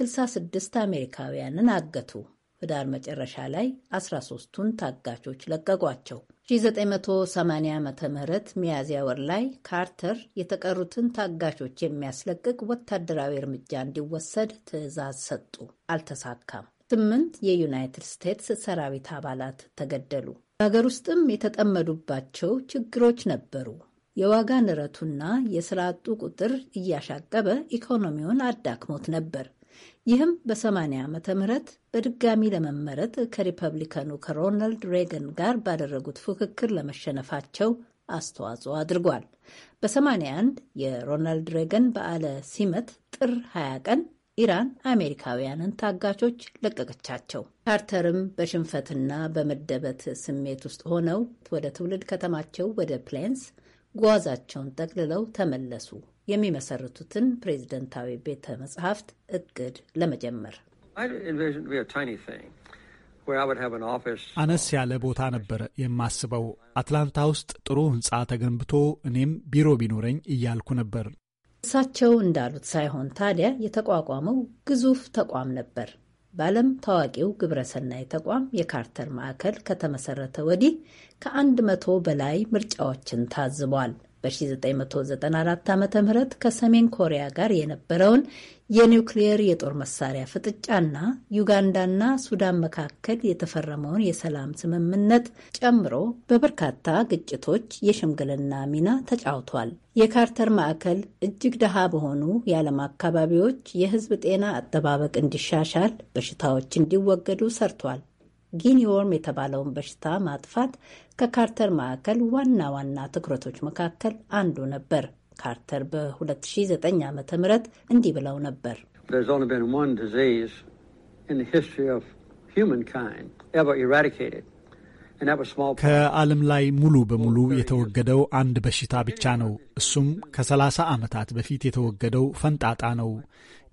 66 አሜሪካውያንን አገቱ። ህዳር መጨረሻ ላይ 13ቱን ታጋቾች ለቀቋቸው። 1980 ዓ ም ሚያዝያ ወር ላይ ካርተር የተቀሩትን ታጋሾች የሚያስለቅቅ ወታደራዊ እርምጃ እንዲወሰድ ትዕዛዝ ሰጡ። አልተሳካም። ስምንት የዩናይትድ ስቴትስ ሰራዊት አባላት ተገደሉ። በሀገር ውስጥም የተጠመዱባቸው ችግሮች ነበሩ። የዋጋ ንረቱና የስራ አጡ ቁጥር እያሻቀበ ኢኮኖሚውን አዳክሞት ነበር። ይህም በ80 ዓመተ ምህረት በድጋሚ ለመመረጥ ከሪፐብሊካኑ ከሮናልድ ሬገን ጋር ባደረጉት ፉክክር ለመሸነፋቸው አስተዋጽኦ አድርጓል። በ81 የሮናልድ ሬገን በዓለ ሲመት ጥር 20 ቀን ኢራን አሜሪካውያንን ታጋቾች ለቀቀቻቸው። ካርተርም በሽንፈትና በመደበት ስሜት ውስጥ ሆነው ወደ ትውልድ ከተማቸው ወደ ፕሌንስ ጓዛቸውን ጠቅልለው ተመለሱ የሚመሰርቱትን ፕሬዝደንታዊ ቤተ መጽሐፍት እቅድ ለመጀመር አነስ ያለ ቦታ ነበር የማስበው። አትላንታ ውስጥ ጥሩ ህንፃ ተገንብቶ እኔም ቢሮ ቢኖረኝ እያልኩ ነበር። እሳቸው እንዳሉት ሳይሆን ታዲያ የተቋቋመው ግዙፍ ተቋም ነበር። በዓለም ታዋቂው ግብረሰናይ ተቋም የካርተር ማዕከል ከተመሰረተ ወዲህ ከአንድ መቶ በላይ ምርጫዎችን ታዝቧል። በ1994 ዓ ም ከሰሜን ኮሪያ ጋር የነበረውን የኒውክሊየር የጦር መሳሪያ ፍጥጫና ዩጋንዳና ሱዳን መካከል የተፈረመውን የሰላም ስምምነት ጨምሮ በበርካታ ግጭቶች የሽምግልና ሚና ተጫውቷል። የካርተር ማዕከል እጅግ ደሃ በሆኑ የዓለም አካባቢዎች የሕዝብ ጤና አጠባበቅ እንዲሻሻል፣ በሽታዎች እንዲወገዱ ሰርቷል። ጊኒዎርም የተባለውን በሽታ ማጥፋት ከካርተር ማዕከል ዋና ዋና ትኩረቶች መካከል አንዱ ነበር። ካርተር በ2009 ዓ ም እንዲህ ብለው ነበር። ከዓለም ላይ ሙሉ በሙሉ የተወገደው አንድ በሽታ ብቻ ነው። እሱም ከ30 ዓመታት በፊት የተወገደው ፈንጣጣ ነው።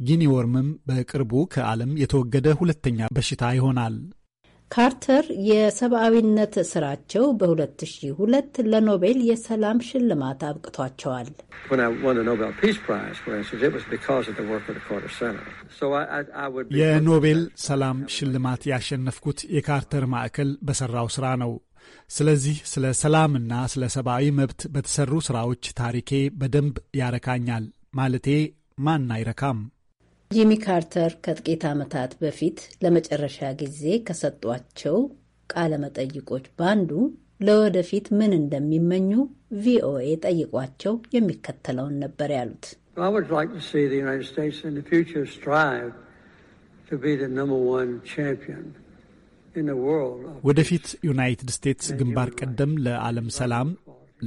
ጊኒወርምም በቅርቡ ከዓለም የተወገደ ሁለተኛ በሽታ ይሆናል። ካርተር የሰብአዊነት ስራቸው በ2002 ለኖቤል የሰላም ሽልማት አብቅቷቸዋል። የኖቤል ሰላም ሽልማት ያሸነፍኩት የካርተር ማዕከል በሰራው ስራ ነው። ስለዚህ ስለ ሰላምና ስለ ሰብአዊ መብት በተሰሩ ስራዎች ታሪኬ በደንብ ያረካኛል። ማለቴ ማን አይረካም? ጂሚ ካርተር ከጥቂት ዓመታት በፊት ለመጨረሻ ጊዜ ከሰጧቸው ቃለ መጠይቆች ባንዱ ለወደፊት ምን እንደሚመኙ ቪኦኤ ጠይቋቸው የሚከተለውን ነበር ያሉት። ወደፊት ዩናይትድ ስቴትስ ግንባር ቀደም ለዓለም ሰላም፣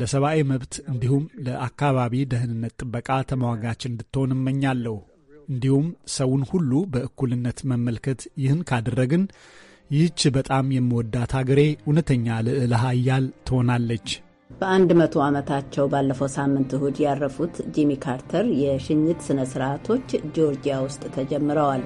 ለሰብአዊ መብት እንዲሁም ለአካባቢ ደህንነት ጥበቃ ተሟጋች እንድትሆን እመኛለሁ። እንዲሁም ሰውን ሁሉ በእኩልነት መመልከት ይህን ካደረግን ይህች በጣም የምወዳት አገሬ እውነተኛ ልዕለ ኃያል ትሆናለች። በአንድ መቶ ዓመታቸው ባለፈው ሳምንት እሁድ ያረፉት ጂሚ ካርተር የሽኝት ሥነ ሥርዓቶች ጆርጂያ ውስጥ ተጀምረዋል።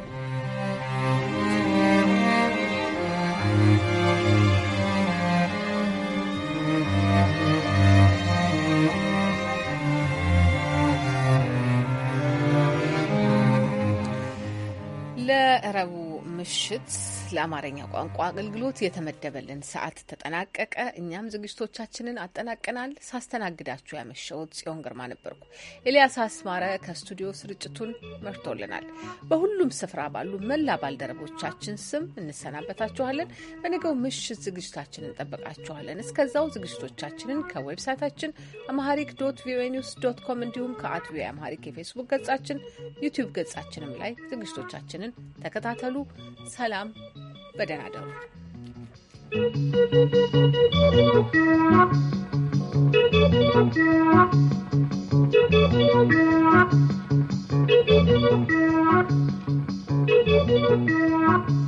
በረቡ ምሽት ለአማርኛ ቋንቋ አገልግሎት የተመደበልን ሰዓት ተጠናቀቀ። እኛም ዝግጅቶቻችንን አጠናቀናል። ሳስተናግዳችሁ ያመሸውት ጽዮን ግርማ ነበርኩ። ኤልያስ አስማረ ከስቱዲዮ ስርጭቱን መርቶልናል። በሁሉም ስፍራ ባሉ መላ ባልደረቦቻችን ስም እንሰናበታችኋለን። በነገው ምሽት ዝግጅታችን እንጠብቃችኋለን። እስከዛው ዝግጅቶቻችንን ከዌብሳይታችን አማሪክ ዶት ቪኦኤ ኒውስ ዶት ኮም እንዲሁም ከአት ቪኦኤ የፌስቡክ ገጻችን ዩቲዩብ ገጻችንም ላይ ዝግጅቶቻችንን ተከታተሉ። ሰላም But ደሩ። Thank you.